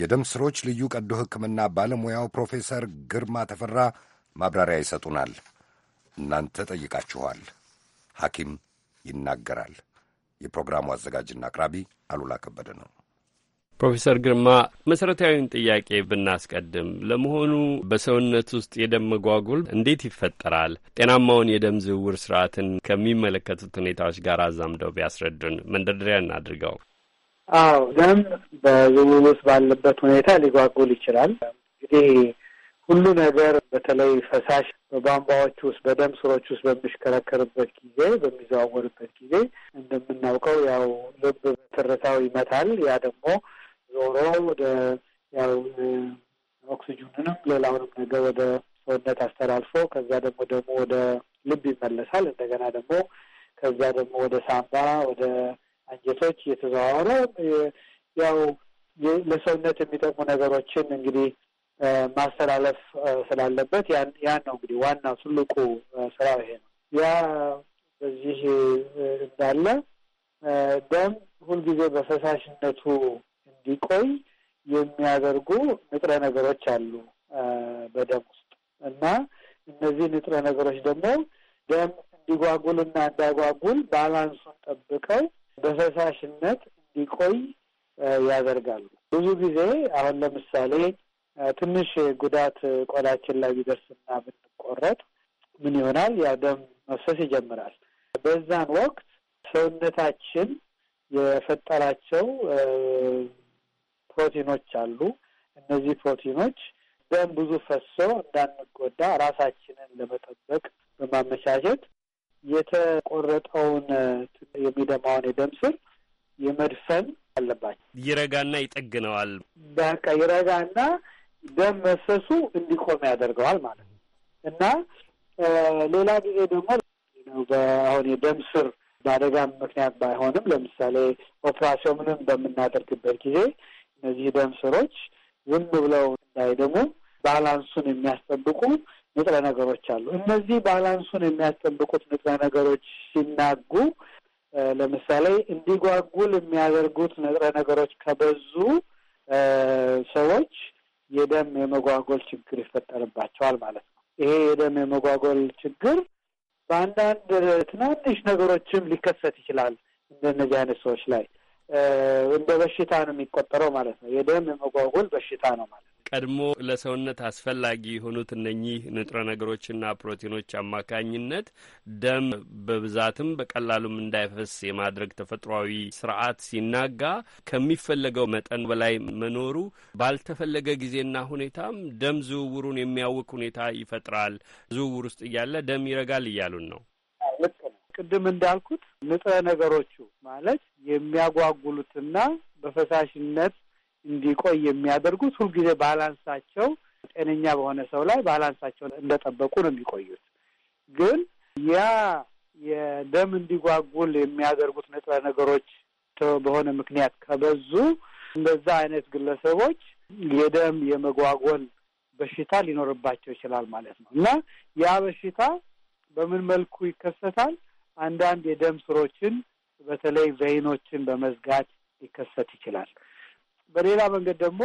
የደም ስሮች ልዩ ቀዶ ሕክምና ባለሙያው ፕሮፌሰር ግርማ ተፈራ ማብራሪያ ይሰጡናል። እናንተ ጠይቃችኋል፣ ሐኪም ይናገራል። የፕሮግራሙ አዘጋጅና አቅራቢ አሉላ ከበደ ነው። ፕሮፌሰር ግርማ መሠረታዊን ጥያቄ ብናስቀድም፣ ለመሆኑ በሰውነት ውስጥ የደም መጓጉል እንዴት ይፈጠራል? ጤናማውን የደም ዝውውር ስርዓትን ከሚመለከቱት ሁኔታዎች ጋር አዛምደው ቢያስረዱን መንደርደሪያ እናድርገው። አዎ ደም በዝውውር ውስጥ ባለበት ሁኔታ ሊጓጉል ይችላል። እንግዲህ ሁሉ ነገር በተለይ ፈሳሽ በቧንቧዎች ውስጥ በደም ስሮች ውስጥ በሚሽከረከርበት ጊዜ በሚዘዋወርበት ጊዜ እንደምናውቀው ያው ልብ ትርታው ይመታል። ያ ደግሞ ዞሮ ወደ ያው ኦክሲጅንንም ሌላውንም ነገር ወደ ሰውነት አስተላልፎ ከዛ ደግሞ ደግሞ ወደ ልብ ይመለሳል። እንደገና ደግሞ ከዛ ደግሞ ወደ ሳምባ ወደ አንጀቶች እየተዘዋወረ ያው ለሰውነት የሚጠቅሙ ነገሮችን እንግዲህ ማስተላለፍ ስላለበት ያን ነው እንግዲህ ዋና ትልቁ ስራ ይሄ ነው። ያ በዚህ እንዳለ ደም ሁልጊዜ በፈሳሽነቱ እንዲቆይ የሚያደርጉ ንጥረ ነገሮች አሉ በደም ውስጥ እና እነዚህ ንጥረ ነገሮች ደግሞ ደም እንዲጓጉል እና እንዳያጓጉል ባላንሱን ጠብቀው በፈሳሽነት እንዲቆይ ያደርጋሉ። ብዙ ጊዜ አሁን ለምሳሌ ትንሽ ጉዳት ቆዳችን ላይ ቢደርስና ብንቆረጥ ምን ይሆናል? ያ ደም መፍሰስ ይጀምራል። በዛን ወቅት ሰውነታችን የፈጠራቸው ፕሮቲኖች አሉ። እነዚህ ፕሮቲኖች ደም ብዙ ፈሶ እንዳንጎዳ ራሳችንን ለመጠበቅ በማመቻቸት የተቆረጠውን የሚደማውን የደም ስር የመድፈን አለባቸው። ይረጋና ይጠግነዋል። በቃ ይረጋና ደም መፈሱ እንዲቆም ያደርገዋል ማለት ነው እና ሌላ ጊዜ ደግሞ በአሁን የደም ስር በአደጋ ምክንያት ባይሆንም ለምሳሌ ኦፕራሲዮን በምናደርግበት ጊዜ እነዚህ ደም ስሮች ዝም ብለው እንዳይደሙ ባላንሱን የሚያስጠብቁ ንጥረ ነገሮች አሉ። እነዚህ ባላንሱን የሚያስጠብቁት ንጥረ ነገሮች ሲናጉ፣ ለምሳሌ እንዲጓጉል የሚያደርጉት ንጥረ ነገሮች ከበዙ ሰዎች የደም የመጓጎል ችግር ይፈጠርባቸዋል ማለት ነው። ይሄ የደም የመጓጎል ችግር በአንዳንድ ትናንሽ ነገሮችም ሊከሰት ይችላል እንደነዚህ አይነት ሰዎች ላይ እንደ በሽታ ነው የሚቆጠረው ማለት ነው። የደም የመጓጉል በሽታ ነው ማለት ነው። ቀድሞ ለሰውነት አስፈላጊ የሆኑት እነኚህ ንጥረ ነገሮችና ፕሮቲኖች አማካኝነት ደም በብዛትም በቀላሉም እንዳይፈስ የማድረግ ተፈጥሯዊ ስርዓት ሲናጋ ከሚፈለገው መጠን በላይ መኖሩ ባልተፈለገ ጊዜና ሁኔታም ደም ዝውውሩን የሚያውቅ ሁኔታ ይፈጥራል። ዝውውር ውስጥ እያለ ደም ይረጋል እያሉን ነው። ልክ ቅድም እንዳልኩት ንጥረ ነገሮቹ ማለት የሚያጓጉሉትና በፈሳሽነት እንዲቆይ የሚያደርጉት ሁልጊዜ ባላንሳቸው ጤነኛ በሆነ ሰው ላይ ባላንሳቸውን እንደጠበቁ ነው የሚቆዩት። ግን ያ የደም እንዲጓጉል የሚያደርጉት ንጥረ ነገሮች በሆነ ምክንያት ከበዙ እንደዛ አይነት ግለሰቦች የደም የመጓጎል በሽታ ሊኖርባቸው ይችላል ማለት ነው እና ያ በሽታ በምን መልኩ ይከሰታል? አንዳንድ የደም ስሮችን በተለይ ቬይኖችን በመዝጋት ሊከሰት ይችላል። በሌላ መንገድ ደግሞ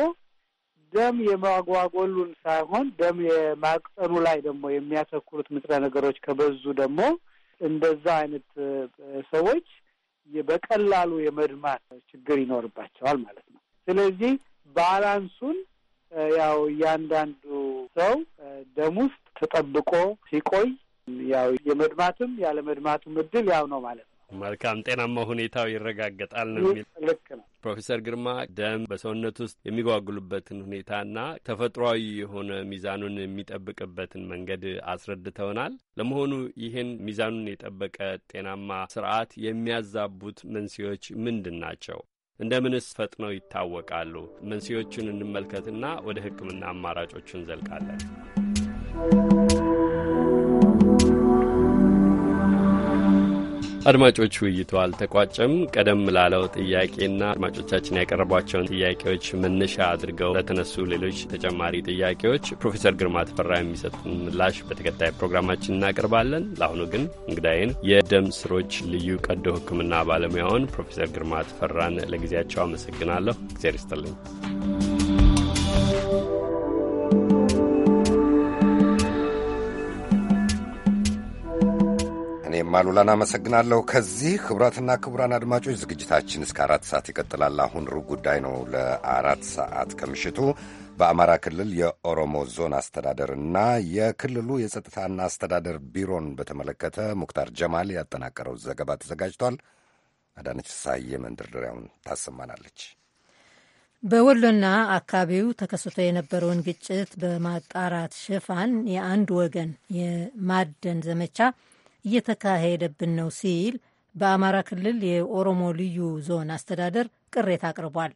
ደም የማጓጎሉን ሳይሆን ደም የማቅጠኑ ላይ ደግሞ የሚያተኩሩት ንጥረ ነገሮች ከበዙ ደግሞ እንደዛ አይነት ሰዎች በቀላሉ የመድማት ችግር ይኖርባቸዋል ማለት ነው። ስለዚህ ባላንሱን ያው እያንዳንዱ ሰው ደም ውስጥ ተጠብቆ ሲቆይ ያው የመድማትም ያለመድማቱም እድል ያው ነው ማለት ነው። መልካም ጤናማ ሁኔታው ይረጋገጣል ነው የሚል ልክ ነው። ፕሮፌሰር ግርማ ደም በሰውነት ውስጥ የሚጓጉሉበትን ሁኔታና ተፈጥሯዊ የሆነ ሚዛኑን የሚጠብቅበትን መንገድ አስረድተውናል። ለመሆኑ ይህን ሚዛኑን የጠበቀ ጤናማ ስርዓት የሚያዛቡት መንስኤዎች ምንድን ናቸው? እንደምንስ ፈጥነው ይታወቃሉ? መንስኤዎቹን እንመልከትና ወደ ሕክምና አማራጮቹን እንዘልቃለን። አድማጮች ውይይቱ አልተቋጨም። ቀደም ላለው ጥያቄና አድማጮቻችን ያቀረቧቸውን ጥያቄዎች መነሻ አድርገው ለተነሱ ሌሎች ተጨማሪ ጥያቄዎች ፕሮፌሰር ግርማ ተፈራ የሚሰጡን ምላሽ በተከታይ ፕሮግራማችን እናቀርባለን። ለአሁኑ ግን እንግዳይን የደም ስሮች ልዩ ቀዶ ሕክምና ባለሙያውን ፕሮፌሰር ግርማ ተፈራን ለጊዜያቸው አመሰግናለሁ። እግዜር ይስጥልኝ። አሉላን አመሰግናለሁ። ከዚህ ክቡራትና ክቡራን አድማጮች ዝግጅታችን እስከ አራት ሰዓት ይቀጥላል። አሁን ሩብ ጉዳይ ነው። ለአራት ሰዓት ከምሽቱ በአማራ ክልል የኦሮሞ ዞን አስተዳደርና የክልሉ የጸጥታና አስተዳደር ቢሮን በተመለከተ ሙክታር ጀማል ያጠናቀረው ዘገባ ተዘጋጅቷል። አዳነች ሳየ መንደርደሪያውን ታሰማናለች። በወሎና አካባቢው ተከስቶ የነበረውን ግጭት በማጣራት ሽፋን የአንድ ወገን የማደን ዘመቻ እየተካሄደብን ነው ሲል በአማራ ክልል የኦሮሞ ልዩ ዞን አስተዳደር ቅሬታ አቅርቧል።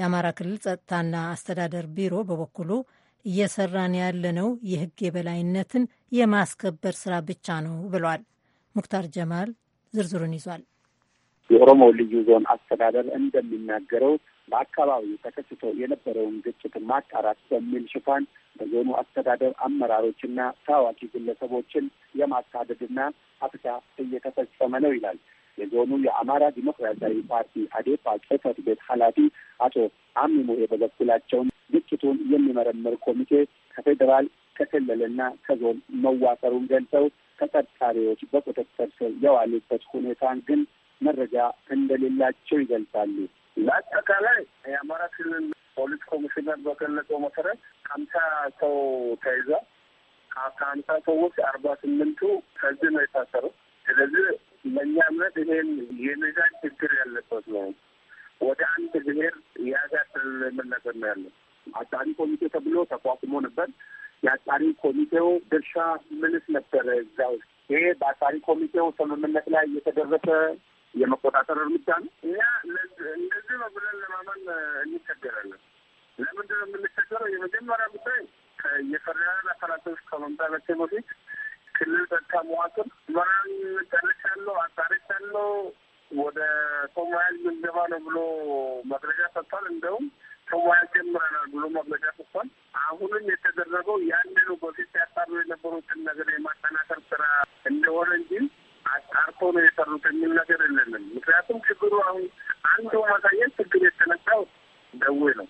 የአማራ ክልል ጸጥታና አስተዳደር ቢሮ በበኩሉ እየሰራን ያለነው የሕግ የበላይነትን የማስከበር ስራ ብቻ ነው ብሏል። ሙክታር ጀማል ዝርዝሩን ይዟል። የኦሮሞ ልዩ ዞን አስተዳደር እንደሚናገረው በአካባቢው ተከስቶ የነበረውን ግጭት ማጣራት በሚል ሽፋን በዞኑ አስተዳደር አመራሮችና ታዋቂ ግለሰቦችን የማሳደድና አፍታ እየተፈጸመ ነው ይላል የዞኑ የአማራ ዲሞክራሲያዊ ፓርቲ አዴፓ ጽህፈት ቤት ኃላፊ አቶ አሚሙሄ በበኩላቸውን ግጭቱን የሚመረምር ኮሚቴ ከፌዴራል ከክልልና ከዞን መዋቀሩን ገልጸው ተጠርጣሪዎች በቁጥጥር ስር የዋሉበት ሁኔታን ግን መረጃ እንደሌላቸው ይገልጻሉ። ለአጠቃላይ የአማራ ክልል ፖሊስ ኮሚሽነር በገለጸው መሰረት ሀምሳ ሰው ተይዟል። ከሀምሳ ሰዎች አርባ ስምንቱ ከዚህ ነው የታሰሩት። ስለዚህ ለእኛ እምነት ይሄን የሚዛን ችግር ያለበት ነው። ወደ አንድ ብሔር ያጋደል የምንነገር ነው ያለው። አጣሪ ኮሚቴ ተብሎ ተቋቁሞ ነበር። የአጣሪ ኮሚቴው ድርሻ ምንስ ነበረ እዛ ውስጥ? ይሄ በአጣሪ ኮሚቴው ስምምነት ላይ እየተደረሰ የመቆጣጠር እርምጃ ነው። እኛ እንደዚህ ነው ብለን ለማመን እንቸገራለን። ለምንድን ነው የምንቸገረው? የመጀመሪያ ጉዳይ የፌዴራል አካላቶች ከመምጣታቸው በፊት ክልል በካ መዋቅር መራን ጨርሻለሁ፣ አጣርቻለሁ ወደ ሶማያል ምንገባ ነው ብሎ መግለጫ ሰጥቷል። እንደውም ሶማያል ጀምረናል ብሎ መግለጫ ሰጥቷል። አሁንም የተደረገው ያንኑ በፊት ያጣሩ የነበሩትን ነገር የማጠናከር ስራ እንደሆነ እንጂ አጣርቶ ነው የሰሩት የሚል ነገር የለንም። ምክንያቱም ችግሩ አሁን አንዱ ማሳየት ችግር የተነሳው ደዌ ነው።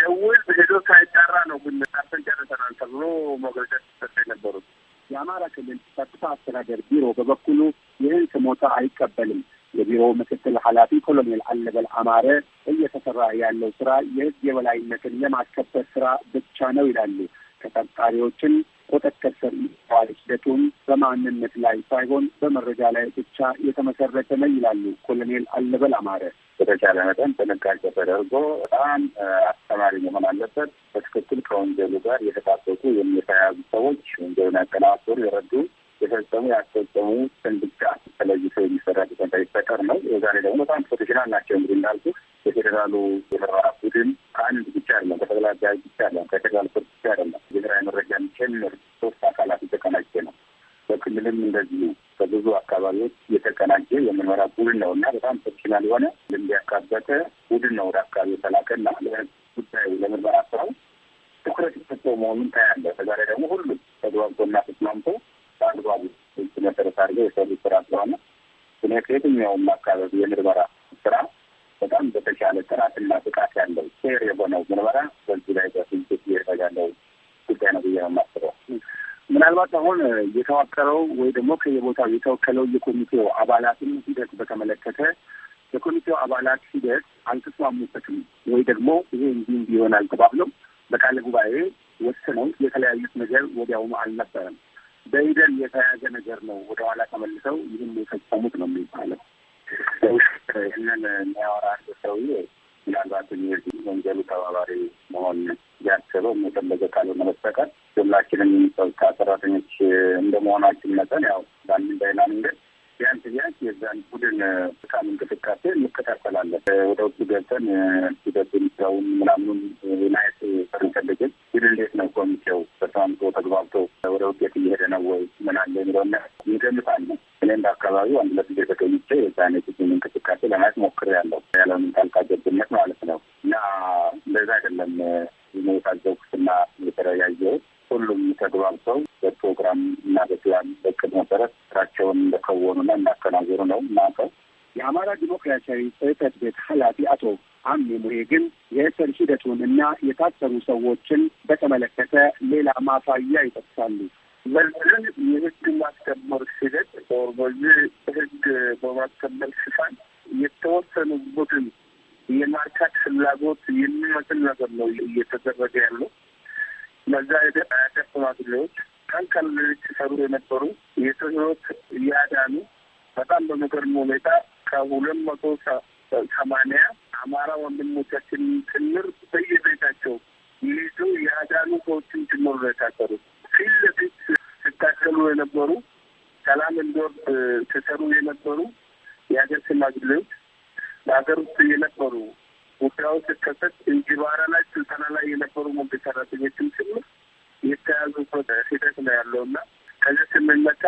ደዌ ሄዶ ሳይጣራ ነው ግን ጣርተን ጨርሰናል ተብሎ መግለጫ ሲሰጥ የነበሩት የአማራ ክልል ጸጥታ አስተዳደር ቢሮ በበኩሉ ይህን ስሞታ አይቀበልም። የቢሮው ምክትል ኃላፊ ኮሎኔል አለበል አማረ እየተሰራ ያለው ስራ የህግ የበላይነትን የማስከበር ስራ ብቻ ነው ይላሉ። ተጠርጣሪዎችን ቁጥጥር ስር መዋል ሂደቱን በማንነት ላይ ሳይሆን በመረጃ ላይ ብቻ የተመሰረተ ነው ይላሉ ኮሎኔል አለበል አማረ። በተቻለ መጠን ጥንቃቄ ተደርጎ በጣም አስተማሪ መሆን አለበት። በትክክል ከወንጀሉ ጋር የተጣበቁ የሚተያዙ ሰዎች ወንጀሉን ያቀናበሩ የረዱ የፈጸሙ ያስፈጸሙ ስን ብቻ ተለይቶ የሚሰራ ተጠንታ ይፈጠር ነው። የዛሬ ደግሞ በጣም ፕሮፌሽናል ናቸው። እንግዲህ እንዳልኩ የፌዴራሉ የመራ ቡድን ከአንድ ብቻ አይደለም፣ ከጠቅላይ ብቻ አይደለም ከፌዴራል ፍርድ አይደለም። ብሔራዊ መረጃ የሚችል ሶስት አካላት የተቀናጀ ነው። በክልልም እንደዚሁ በብዙ አካባቢዎች የተቀናጀ የምርመራ ቡድን ነው እና በጣም ፕሮፌሽናል የሆነ ልምድ ያካበተ ቡድን ነው ወደ አካባቢ የተላከና ለጉዳዩ ለምርመራ ስራው ትኩረት የተሰጠው መሆኑን ታያለ። በዛሬ ደግሞ ሁሉም ተግባብቶና ተስማምቶ በአግባቡ መሰረት አድርገው የሰሩ ስራ ስለሆነ ሁኔታ የትኛውም አካባቢ የምርመራ በጣም በተሻለ ጥራትና ብቃት ያለው ፌር የሆነው ምርመራ በዚህ ላይ በፊት እየሄደ ያለው ጉዳይ ነው ብዬ ነው የማስበው። ምናልባት አሁን የተዋቀረው ወይ ደግሞ ከየቦታው የተወከለው የኮሚቴው አባላትን ሂደት በተመለከተ የኮሚቴው አባላት ሂደት አልተስማሙበትም ወይ ደግሞ ይሄ እንዲህ እንዲህ ይሆናል ተባብለው በቃለ ጉባኤ ወስነው የተለያዩት ነገር ወዲያውኑ አልነበረም። በሂደል የተያያዘ ነገር ነው። ወደኋላ ተመልሰው ይህም የፈጸሙት ነው የሚባለው። ይህንን የሚያወራ ሰውዬ ምናልባት የዚህ ወንጀሉ ተባባሪ መሆን ያሰበው የፈለገ ካልሆነ በስተቀር ሁላችንም ሰው ሰራተኞች እንደመሆናችን መጠን ያው በአንድ በሌላ መንገድ ቢያንስ ቢያንስ የዛን ቡድን በጣም እንቅስቃሴ እንከታተላለን። ወደ ውጭ ገብተን ሂደቱን ስራውን ምናምኑን የማየት ፈርንፈልግን ግን እንዴት ነው ኮሚቴው በተዋምቶ ተግባብቶ ወደ ውጤት እየሄደ ነው ወይ ምን አለ የሚለውና እንገምታለን። እኔም በአካባቢው አንድ ሁለት ጊዜ ተገኝቼ የዛን የቡድን እንቅስቃሴ ለማየት ሞክሬያለሁ። ያለውን ጣልቃ ገብነት ማለት ነው እና እንደዛ አይደለም የታዘብኩትና የተለያየሁት ሁሉም ተግባብተው በፕሮግራም እና በፕላን በቅድ መሰረት ስራቸውን እንደከወኑና እንዳከናወኑ ነው ማቀው። የአማራ ዲሞክራሲያዊ ጽህፈት ቤት ኃላፊ አቶ አሚ ሙሄ ግን የእስር ሂደቱን እና የታሰሩ ሰዎችን በተመለከተ ሌላ ማሳያ ይጠቅሳሉ። በዚህ የህግ ማስከበር ሂደት በዚህ ህግ በማስከበር ሽፋን የተወሰኑ ቡድን የማርካት ፍላጎት የሚመስል ነገር ነው እየተደረገ ያለው። በዛ የደፍ ሽማግሌዎች ቀን ቀን ሌሊት ሲሰሩ የነበሩ የሰው ህይወት እያዳኑ በጣም በሚገርም ሁኔታ ከሁለት መቶ ሰማንያ አማራ ወንድሞቻችን ጭምር በየቤታቸው ይዞ የአዳኑ ሰዎችን ጭምር ነው የታሰሩት። ፊት ለፊት ሲታሰሉ የነበሩ ሰላም እንዲወርድ ሲሰሩ የነበሩ የሀገር ሽማግሌዎች በሀገር ውስጥ የነበሩ ውጊያው ሲከሰት እንጅባራ ላይ ስልጠና ላይ የነበሩ ሞቤ ሰራተኞችም ጭምር የተያዙበት ሂደት ነው ያለው እና ከዚህ ስንመጣ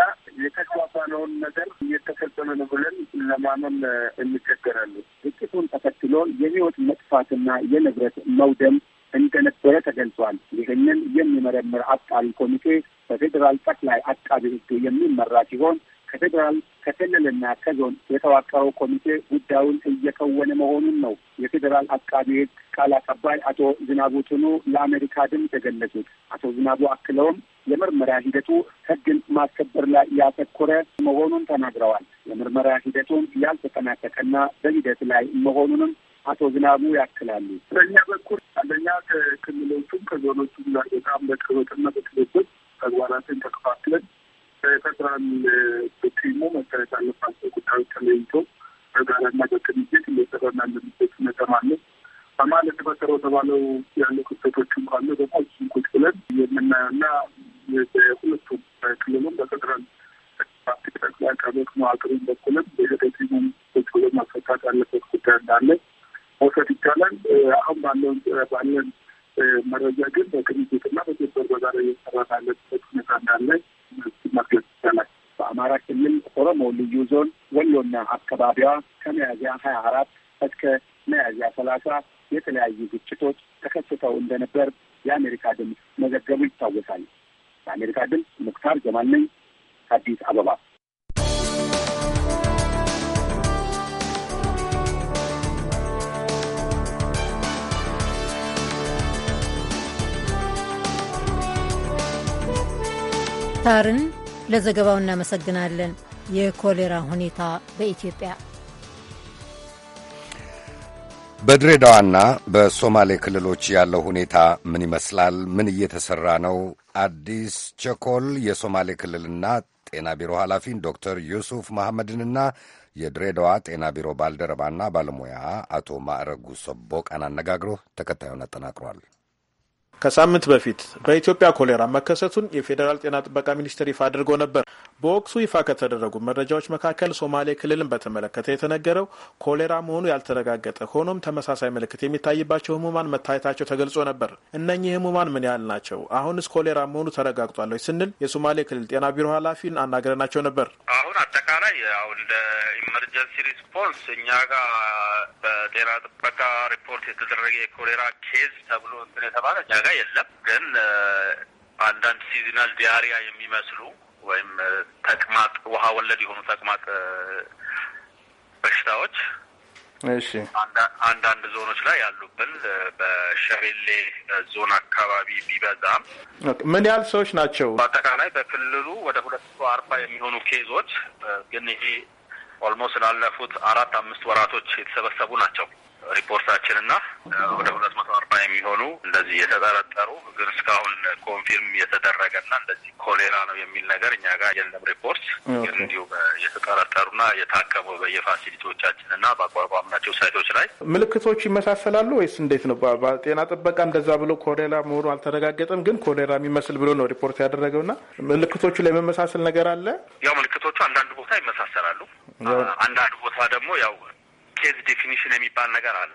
የተግባባነውን ነገር እየተፈጸመ ነው ብለን ለማመን እንቸገራለን። ግጭቱን ተከትሎ የህይወት መጥፋትና የንብረት መውደም እንደነበረ ተገልጿል። ይህንን የሚመረምር አጣሪ ኮሚቴ በፌዴራል ጠቅላይ አቃቤ ህግ የሚመራ ሲሆን ከፌዴራል ከክልልና ከዞን የተዋቀረው ኮሚቴ ጉዳዩን እየከወነ መሆኑን ነው የፌዴራል አቃቢ ሕግ ቃል አቀባይ አቶ ዝናቡ ቱኑ ለአሜሪካ ድምፅ የገለጹት። አቶ ዝናቡ አክለውም የምርመራ ሂደቱ ሕግን ማስከበር ላይ ያተኮረ መሆኑን ተናግረዋል። የምርመራ ሂደቱን ያልተጠናቀቀና በሂደት ላይ መሆኑንም አቶ ዝናቡ ያክላሉ። በእኛ በኩል አንደኛ ከክልሎቹም ከዞኖቹም ጋር በጣም በቅርበትና በትብብር ተግባራትን ተከፋፍለን ከፌዴራል ቲሙ መሰረት ያለባቸው ጉዳዮች ተለይቶ በጋራና በቅንጅት እየሰራና ያለንበት ነገር አለ። በማለት የተፈጠረው ተባለው ያሉ ክፍተቶችም ካለ ደግሞ እሱን ቁጭ ብለን የምናየውና የሁለቱም ክልሉም በፌደራል ጠቅላይ አቃቤ መዋቅሩን በኩልም በሂደቱም ቁጭ ብሎ ማስፈታት ያለበት ጉዳይ እንዳለ መውሰድ ይቻላል። አሁን ባለው ባለን መረጃ ግን በቅንጅትና በጀበር በጋራ እየሰራ ያለበት ሁኔታ እንዳለ ይቻላል። በአማራ ክልል ኦሮሞ ልዩ ዞን ወሎና አካባቢዋ ከሚያዝያ ሀያ አራት እስከ ሚያዝያ ሰላሳ የተለያዩ ግጭቶች ተከስተው እንደነበር የአሜሪካ ድምፅ መዘገቡ ይታወሳል። የአሜሪካ ድምፅ ሙክታር ጀማል ነኝ ከአዲስ አበባ። ሙክታርን ለዘገባው እናመሰግናለን። የኮሌራ ሁኔታ በኢትዮጵያ በድሬዳዋና በሶማሌ ክልሎች ያለው ሁኔታ ምን ይመስላል? ምን እየተሰራ ነው? አዲስ ቸኮል የሶማሌ ክልልና ጤና ቢሮ ኃላፊን ዶክተር ዩሱፍ መሐመድንና የድሬዳዋ ጤና ቢሮ ባልደረባና ባለሙያ አቶ ማዕረጉ ሰቦቃን አነጋግሮ ተከታዩን አጠናቅሯል። ከሳምንት በፊት በኢትዮጵያ ኮሌራ መከሰቱን የፌዴራል ጤና ጥበቃ ሚኒስቴር ይፋ አድርጎ ነበር። በወቅቱ ይፋ ከተደረጉ መረጃዎች መካከል ሶማሌ ክልልን በተመለከተ የተነገረው ኮሌራ መሆኑ ያልተረጋገጠ ሆኖም ተመሳሳይ ምልክት የሚታይባቸው ህሙማን መታየታቸው ተገልጾ ነበር። እነኚህ ህሙማን ምን ያህል ናቸው? አሁንስ ኮሌራ መሆኑ ተረጋግጧለች ስንል የሶማሌ ክልል ጤና ቢሮ ኃላፊን አናግረናቸው ነበር። አሁን አጠቃላይ ያው እንደ ኢመርጀንሲ ሪስፖንስ እኛ ጋር በጤና ጥበቃ ሪፖርት የተደረገ የኮሌራ ኬዝ ተብሎ እንትን የተባለ እኛ ጋር የለም። ግን አንዳንድ ሲዝናል ዲያሪያ የሚመስሉ ወይም ተቅማጥ፣ ውሃ ወለድ የሆኑ ተቅማጥ በሽታዎች እሺ አንዳንድ ዞኖች ላይ ያሉብን በሸቤሌ ዞን አካባቢ ቢበዛም ምን ያህል ሰዎች ናቸው? በአጠቃላይ በክልሉ ወደ ሁለት መቶ አርባ የሚሆኑ ኬዞች ግን ይሄ ኦልሞስት ላለፉት አራት አምስት ወራቶች የተሰበሰቡ ናቸው። ሪፖርታችን እና ወደ ሁለት መቶ አርባ የሚሆኑ እንደዚህ የተጠረጠሩ ግን እስካሁን ኮንፊርም የተደረገ እና እንደዚህ ኮሌራ ነው የሚል ነገር እኛ ጋር የለም። ሪፖርት ግን እንዲሁ የተጠረጠሩና የታከሙ በየፋሲሊቲዎቻችን በአቋቋምናቸው ሳይቶች ላይ ምልክቶች ይመሳሰላሉ ወይስ እንዴት ነው? ጤና ጥበቃ እንደዛ ብሎ ኮሌራ መሆኑ አልተረጋገጠም፣ ግን ኮሌራ የሚመስል ብሎ ነው ሪፖርት ያደረገው እና ምልክቶቹ ላይ መመሳሰል ነገር አለ። ያው ምልክቶቹ አንዳንድ ቦታ ይመሳሰላሉ፣ አንዳንድ ቦታ ደግሞ ያው ኬዝ ዴፊኒሽን የሚባል ነገር አለ።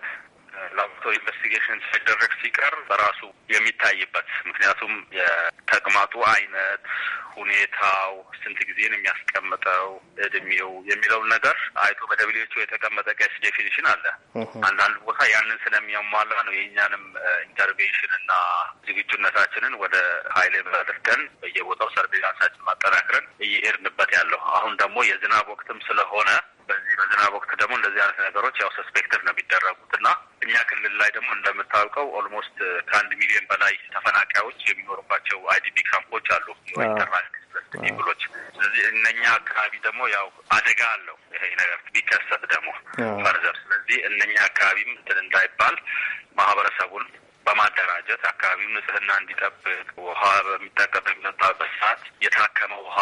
ላቶ ኢንቨስቲጌሽን ሲደረግ ሲቀር በራሱ የሚታይበት ምክንያቱም የተቅማጡ አይነት ሁኔታው፣ ስንት ጊዜን የሚያስቀምጠው፣ እድሜው የሚለውን ነገር አይቶ በደብሊዎቹ የተቀመጠ ኬዝ ዴፊኒሽን አለ። አንዳንድ ቦታ ያንን ስለሚያሟላ ነው የእኛንም ኢንተርቬንሽን እና ዝግጁነታችንን ወደ ሀይል አድርገን በየቦታው ሰርቬላንሳችን ማጠናክረን እየሄድንበት ያለው አሁን ደግሞ የዝናብ ወቅትም ስለሆነ በዚህ በዝናብ ወቅት ደግሞ እንደዚህ አይነት ነገሮች ያው ሰስፔክትድ ነው የሚደረጉት እና እኛ ክልል ላይ ደግሞ እንደምታውቀው ኦልሞስት ከአንድ ሚሊዮን በላይ ተፈናቃዮች የሚኖሩባቸው አይዲፒ ካምፖች አሉ ኢንተርናል ስለዚህ እነኛ አካባቢ ደግሞ ያው አደጋ አለው ይሄ ነገር ቢከሰት ደግሞ ፈርዘር ስለዚህ እነኛ አካባቢም እንትን እንዳይባል ማህበረሰቡን በማደራጀት አካባቢውን ንጽህና እንዲጠብቅ ውሃ በሚጠቀምበት ሰዓት የታከመ ውሃ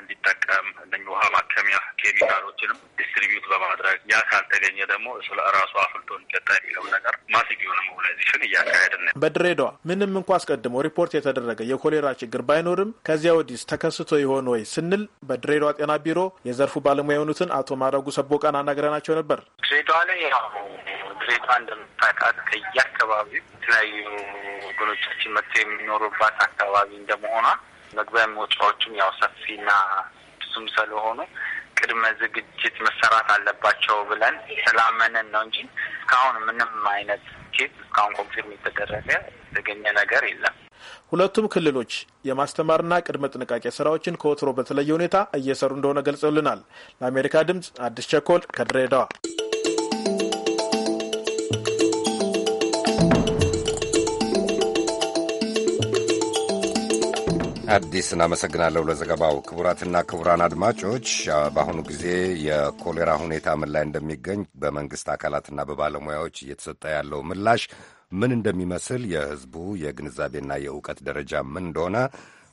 እንዲጠቀም እነ ውሃ ማከሚያ ኬሚካሎችንም ዲስትሪቢዩት በማድረግ ያ ካልተገኘ ደግሞ ስለ ራሱ አፍልቶ እንዲጠጣ የሚለው ነገር ማስግ የሆነ ሞቢላይዜሽን እያካሄድን ነው። በድሬዳዋ ምንም እንኳ አስቀድሞ ሪፖርት የተደረገ የኮሌራ ችግር ባይኖርም ከዚያ ወዲስ ተከስቶ ይሆን ወይ ስንል በድሬዳዋ ጤና ቢሮ የዘርፉ ባለሙያ የሆኑትን አቶ ማረጉ ሰቦቃን አናግረናቸው ነበር። ድሬዳዋ ላይ ያው ድሬዳዋ እንደምታውቃት ከየአካባቢው የተለያዩ ወገኖቻችን መጥቶ የሚኖሩባት አካባቢ እንደመሆኗ መግቢያ መውጫዎቹም ያው ሰፊና እሱም ስለሆኑ ቅድመ ዝግጅት መሰራት አለባቸው ብለን ስላመንን ነው እንጂ እስካሁን ምንም አይነት ኬት እስካሁን ኮንፊርም የተደረገ የተገኘ ነገር የለም። ሁለቱም ክልሎች የማስተማርና ቅድመ ጥንቃቄ ስራዎችን ከወትሮ በተለየ ሁኔታ እየሰሩ እንደሆነ ገልጸውልናል። ለአሜሪካ ድምፅ አዲስ ቸኮል ከድሬዳዋ አዲስ እናመሰግናለሁ ለዘገባው። ክቡራትና ክቡራን አድማጮች በአሁኑ ጊዜ የኮሌራ ሁኔታ ምን ላይ እንደሚገኝ በመንግስት አካላትና በባለሙያዎች እየተሰጠ ያለው ምላሽ ምን እንደሚመስል የህዝቡ የግንዛቤና የእውቀት ደረጃ ምን እንደሆነ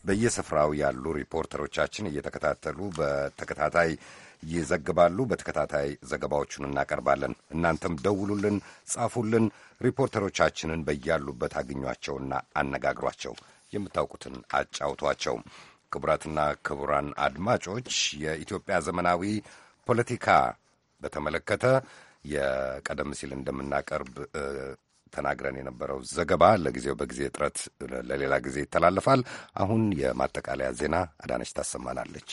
በየስፍራው ያሉ ሪፖርተሮቻችን እየተከታተሉ በተከታታይ ይዘግባሉ። በተከታታይ ዘገባዎቹን እናቀርባለን። እናንተም ደውሉልን፣ ጻፉልን። ሪፖርተሮቻችንን በያሉበት አግኟቸውና አነጋግሯቸው። የምታውቁትን አጫውቷቸው። ክቡራትና ክቡራን አድማጮች የኢትዮጵያ ዘመናዊ ፖለቲካ በተመለከተ የቀደም ሲል እንደምናቀርብ ተናግረን የነበረው ዘገባ ለጊዜው በጊዜ እጥረት ለሌላ ጊዜ ይተላለፋል። አሁን የማጠቃለያ ዜና አዳነች ታሰማናለች።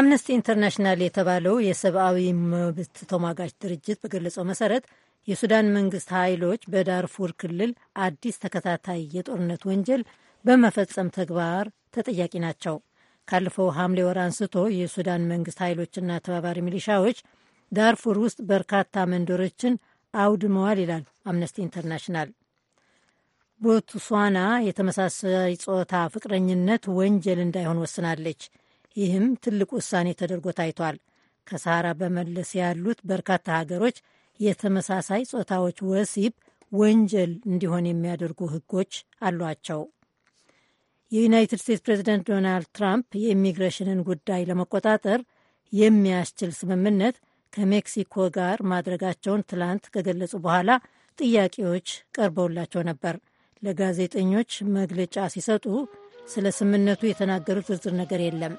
አምነስቲ ኢንተርናሽናል የተባለው የሰብአዊ መብት ተሟጋች ድርጅት በገለጸው መሰረት የሱዳን መንግስት ኃይሎች በዳርፉር ክልል አዲስ ተከታታይ የጦርነት ወንጀል በመፈጸም ተግባር ተጠያቂ ናቸው። ካለፈው ሐምሌ ወር አንስቶ የሱዳን መንግስት ኃይሎችና ተባባሪ ሚሊሻዎች ዳርፉር ውስጥ በርካታ መንደሮችን አውድመዋል ይላል አምነስቲ ኢንተርናሽናል። ቦትስዋና የተመሳሳይ ጾታ ፍቅረኝነት ወንጀል እንዳይሆን ወስናለች። ይህም ትልቅ ውሳኔ ተደርጎ ታይቷል። ከሰሃራ በመለስ ያሉት በርካታ ሀገሮች የተመሳሳይ ጾታዎች ወሲብ ወንጀል እንዲሆን የሚያደርጉ ህጎች አሏቸው። የዩናይትድ ስቴትስ ፕሬዚደንት ዶናልድ ትራምፕ የኢሚግሬሽንን ጉዳይ ለመቆጣጠር የሚያስችል ስምምነት ከሜክሲኮ ጋር ማድረጋቸውን ትላንት ከገለጹ በኋላ ጥያቄዎች ቀርበውላቸው ነበር። ለጋዜጠኞች መግለጫ ሲሰጡ ስለ ስምምነቱ የተናገሩት ዝርዝር ነገር የለም።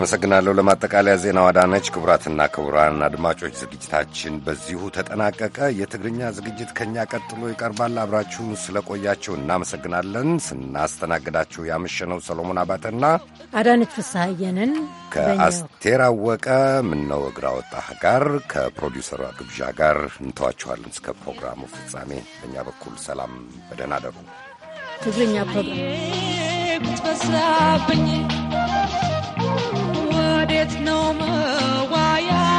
አመሰግናለሁ። ለማጠቃለያ ዜናው አዳነች። ክቡራትና ክቡራን አድማጮች ዝግጅታችን በዚሁ ተጠናቀቀ። የትግርኛ ዝግጅት ከእኛ ቀጥሎ ይቀርባል። አብራችሁን ስለቆያችሁ እናመሰግናለን። ስናስተናግዳችሁ ያመሸነው ሰሎሞን አባተና አዳነች ፍስሐየንን ከአስቴር አወቀ ምነው እግር አወጣህ ጋር ከፕሮዲውሰሯ ግብዣ ጋር እንተዋችኋለን። እስከ ፕሮግራሙ ፍጻሜ በእኛ በኩል ሰላም፣ በደህና አደሩ። ትግርኛ ፕሮግራም it's no more why I